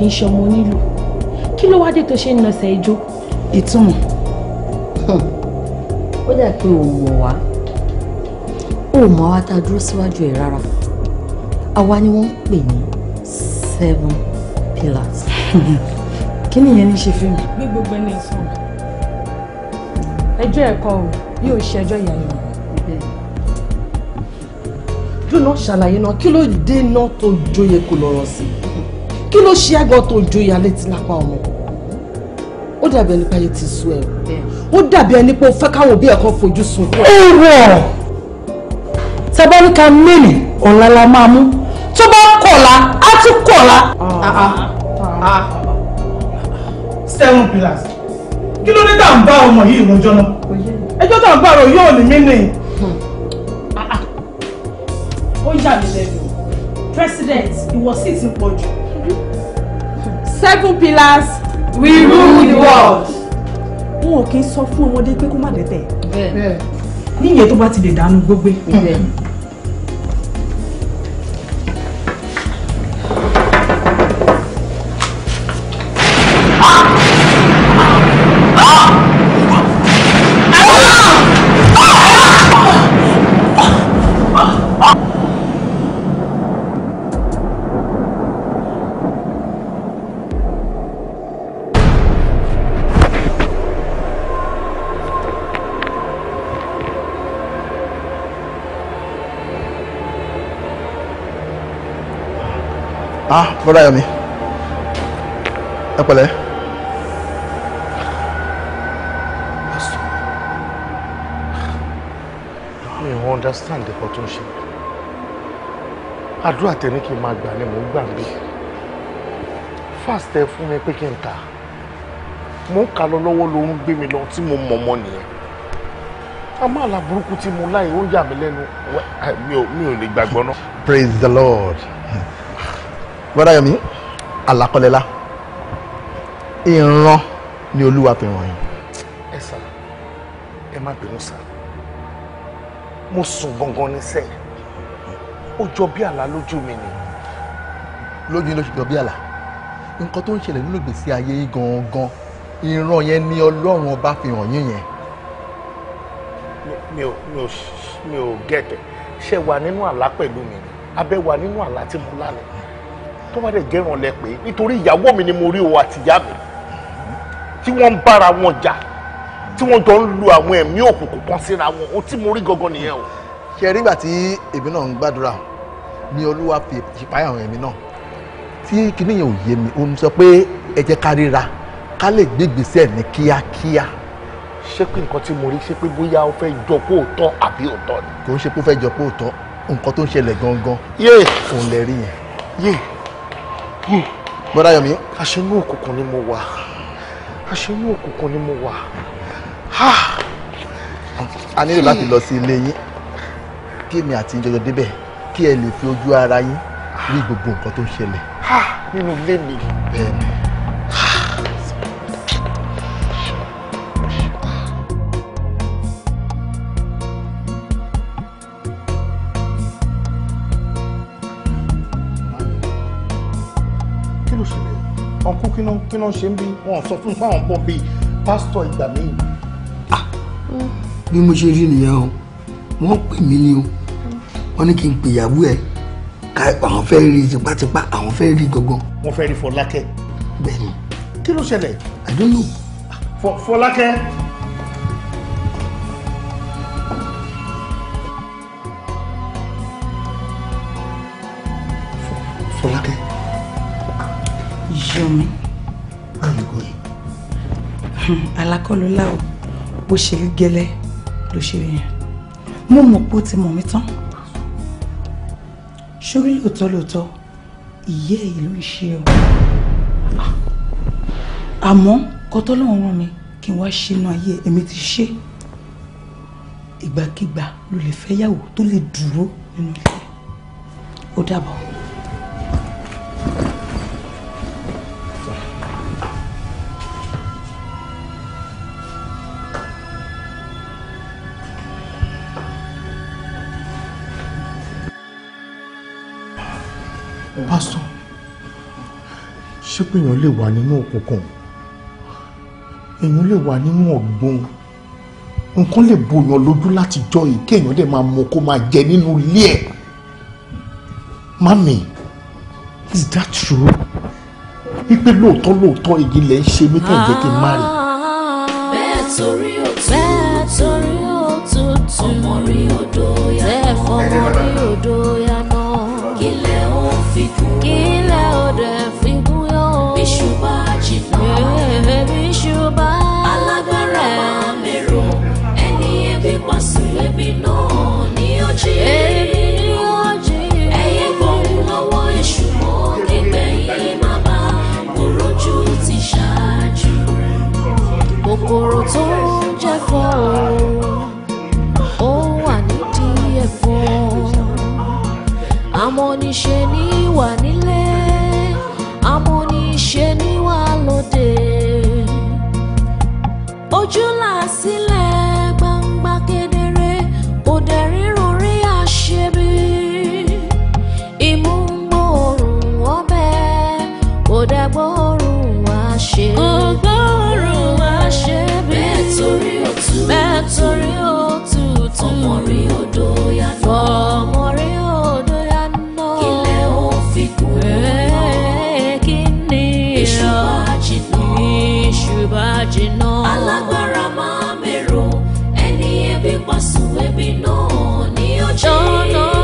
kì í ṣe ọmọ onílù kí ló wáá dé tó ṣe ń nọsẹ̀ ijó. ìtumọ̀ hmm. ó dà pé ò mọ̀ wá ò mọ̀ wá tá a dúró síwájú ẹ̀ rárá àwa ni wọ́n ń pè ní seven pillars kí nìyẹn ní ṣe fíìmù. bí gbogbo ẹni sùn ẹjọ́ ẹ̀kọ́ o yóò ṣe ẹjọ́ ìyàyọ̀ dùn náà ṣàlàyé náà kí ló dé náà tó jóye kò lọ́rọ̀ sí i kí ló ṣe ẹgbọn tó joyà létí lápá ọmọ ó dàbí ẹni pé ayé ti sú ẹ ó dàbí ẹni pé ó fẹ́ káwọn òbí ẹ̀ kan fojú sun. èrò tabaríka mélì ọ̀la la máa mú tó bá kọ̀la á tún kọ̀la. Ah, ah. Ah, seven pillars kí ló dé tá à ń bá ọmọ yìí lọ́jọ́ náà ẹjọ́ tá à ń bá ọ̀rọ̀ yóò ní mí nìyí. Hmm. ó yà mí lẹ́nu president ìwọ sì ti pọ̀ jù seven pillars we rule the world. wọn ò kí ń sọ fún ọmọdé pé kó má dẹ́tẹ̀. níyẹn tó bá ti lè dànù gbogbo. Ah! bọ́dá Yọ̀mí ẹ pẹ̀lẹ́. mi ò understand ẹ̀kọ́ tó ń ṣe àdúrà tẹ̀lé kí n máa gbà ni mò ń gbà ń bí fast fún mi pé kí n ta mo ń kà lọ lọ́wọ́ ló ń gbé mi lọ tí mo mọ̀ mọ́ nìyẹn a burúkú tí mo láì ó ń yà mí lẹ́nu mi ò lè gbàgbọ́ náà. praise the lord bọ́dá yomi àlàkọlẹ́lá ìran ni olúwa pè wọ̀nyí. ẹ sà ẹ má bínú sà mo sùn gangan ní sẹ́ẹ̀ ó jọ bí àlá lójú mi ni. lójú yín ló ṣe jọ bí àlá nǹkan tó ń ṣẹlẹ̀ nínú ìgbésí ayé gangan ìran yẹn ni ọlọ́run ọba fi hàn yín yẹn. mi ò mi ò mi ò gẹ̀tẹ̀ ṣe wà nínú àlá pẹ̀lú mi ni abẹ́ wà nínú àlá tí mo lá ni tó bá dẹ̀ jẹ́ràn lẹ pé nítorí ìyàwó mi ni mo rí o àtìyá mi tí wọ́n ń bára wọn jà tí wọ́n jọ ń lu àwọn ẹ̀mí òkùnkùn kan síra wọn ohun tí mo rí gangan nìyẹn o. ṣe rí ìgbà tí èmi náà ń gbàdúrà ni olúwa fi ìpayà àwọn ẹ̀mí náà tí kinní yẹn ò yé mi ó ń sọ pé ẹ jẹ́ ká ríra ká lè gbégbèsè ní kíákíá. ṣé pé nǹkan tí mo rí ṣé pé bóyá o fẹ́ jọ kó o tọ́ àbí o tọ́ ni. kò ń ṣe pé o fẹ́ jọ kó o tọ́ nǹkan tó ń ṣẹlẹ̀ gangan òun lè rí yẹn bọ́dá yọ̀mí aṣẹ́nú òkùnkùn ni mo wà aṣẹ́nú òkùnkùn ni mo wà a nílò láti lọ sí ilé yín kí èmi àti ìjọjọ débẹ̀ kí ẹ lè fi ojú ara yín rí gbogbo nǹkan tó ń ṣẹlẹ̀. nínú ilé mi. bẹ́ẹ̀ni. kíná kíná ṣe ń bí wọn sọ fún fáwọn bọ́ bíi pásítọ̀ ìgbà míì. Ah, bí mo ṣe rí nìyẹn o wọ́n pè mí ni o wọ́n ní kí n pèyàwó ẹ̀ ká àwọn fẹ́ rí tipátipá àwọn fẹ́ rí gangan. wọ́n fẹ́ rí Fọlákẹ́. bẹ́ẹ̀ni. kí ló ṣẹlẹ̀. I don't Fọlákẹ́. àlàkọ́ ló là ó bó ṣe rí gẹ́lẹ́ ló ṣe rí yẹn mo mọ̀ pé ó ti mọ̀ mí tán sórí lóòótọ́ lóòótọ́ ìyẹ́ èyí ló ń ṣe o àmọ́ kọ́tọ́lọ́run rán mi kí n wá ṣínú ayé èmi ti ṣe ìgbàkigbà ló lè fẹ́ yàwó tó lè dúró nínú ìfẹ́ ó dàbọ̀. ṣé pé èèyàn lè wà nínú òkùnkùn èèyàn lè wà nínú ọ̀gbun nǹkan lè bòyàn lójú láti jọ yìí kéèyàn dẹ̀ máa mọ kó máa jẹ nínú ilé ẹ̀ mami is that true wípé lóòótọ́ lóòótọ́ èyí lẹ̀ ń ṣe mí tẹ̀ jẹ́ kí n má rí. bẹ́ẹ̀ torí òtútù bẹ́ẹ̀ torí òtútù ọmọ rí odò yá náà bẹ́ẹ̀ fọmọ rí odò yá náà kí lẹ́ ó fi kú. tó ń jẹ́ fọ́ọ̀ ó wà nídìí ẹ̀gbọ́n àmọ́ níṣe ní wà nílé àmọ́ níṣe ní wà lóde ojú là sórí òtútù ọmọ rí odò yanu ọmọ rí odò yanu kílẹ̀ ó fi kú kí ni ìṣù bá jìnnà ìṣù bá jìnnà alágbára máa mèrò ẹni ebi pa sùn ebi náà ní ọjọ́ yìí.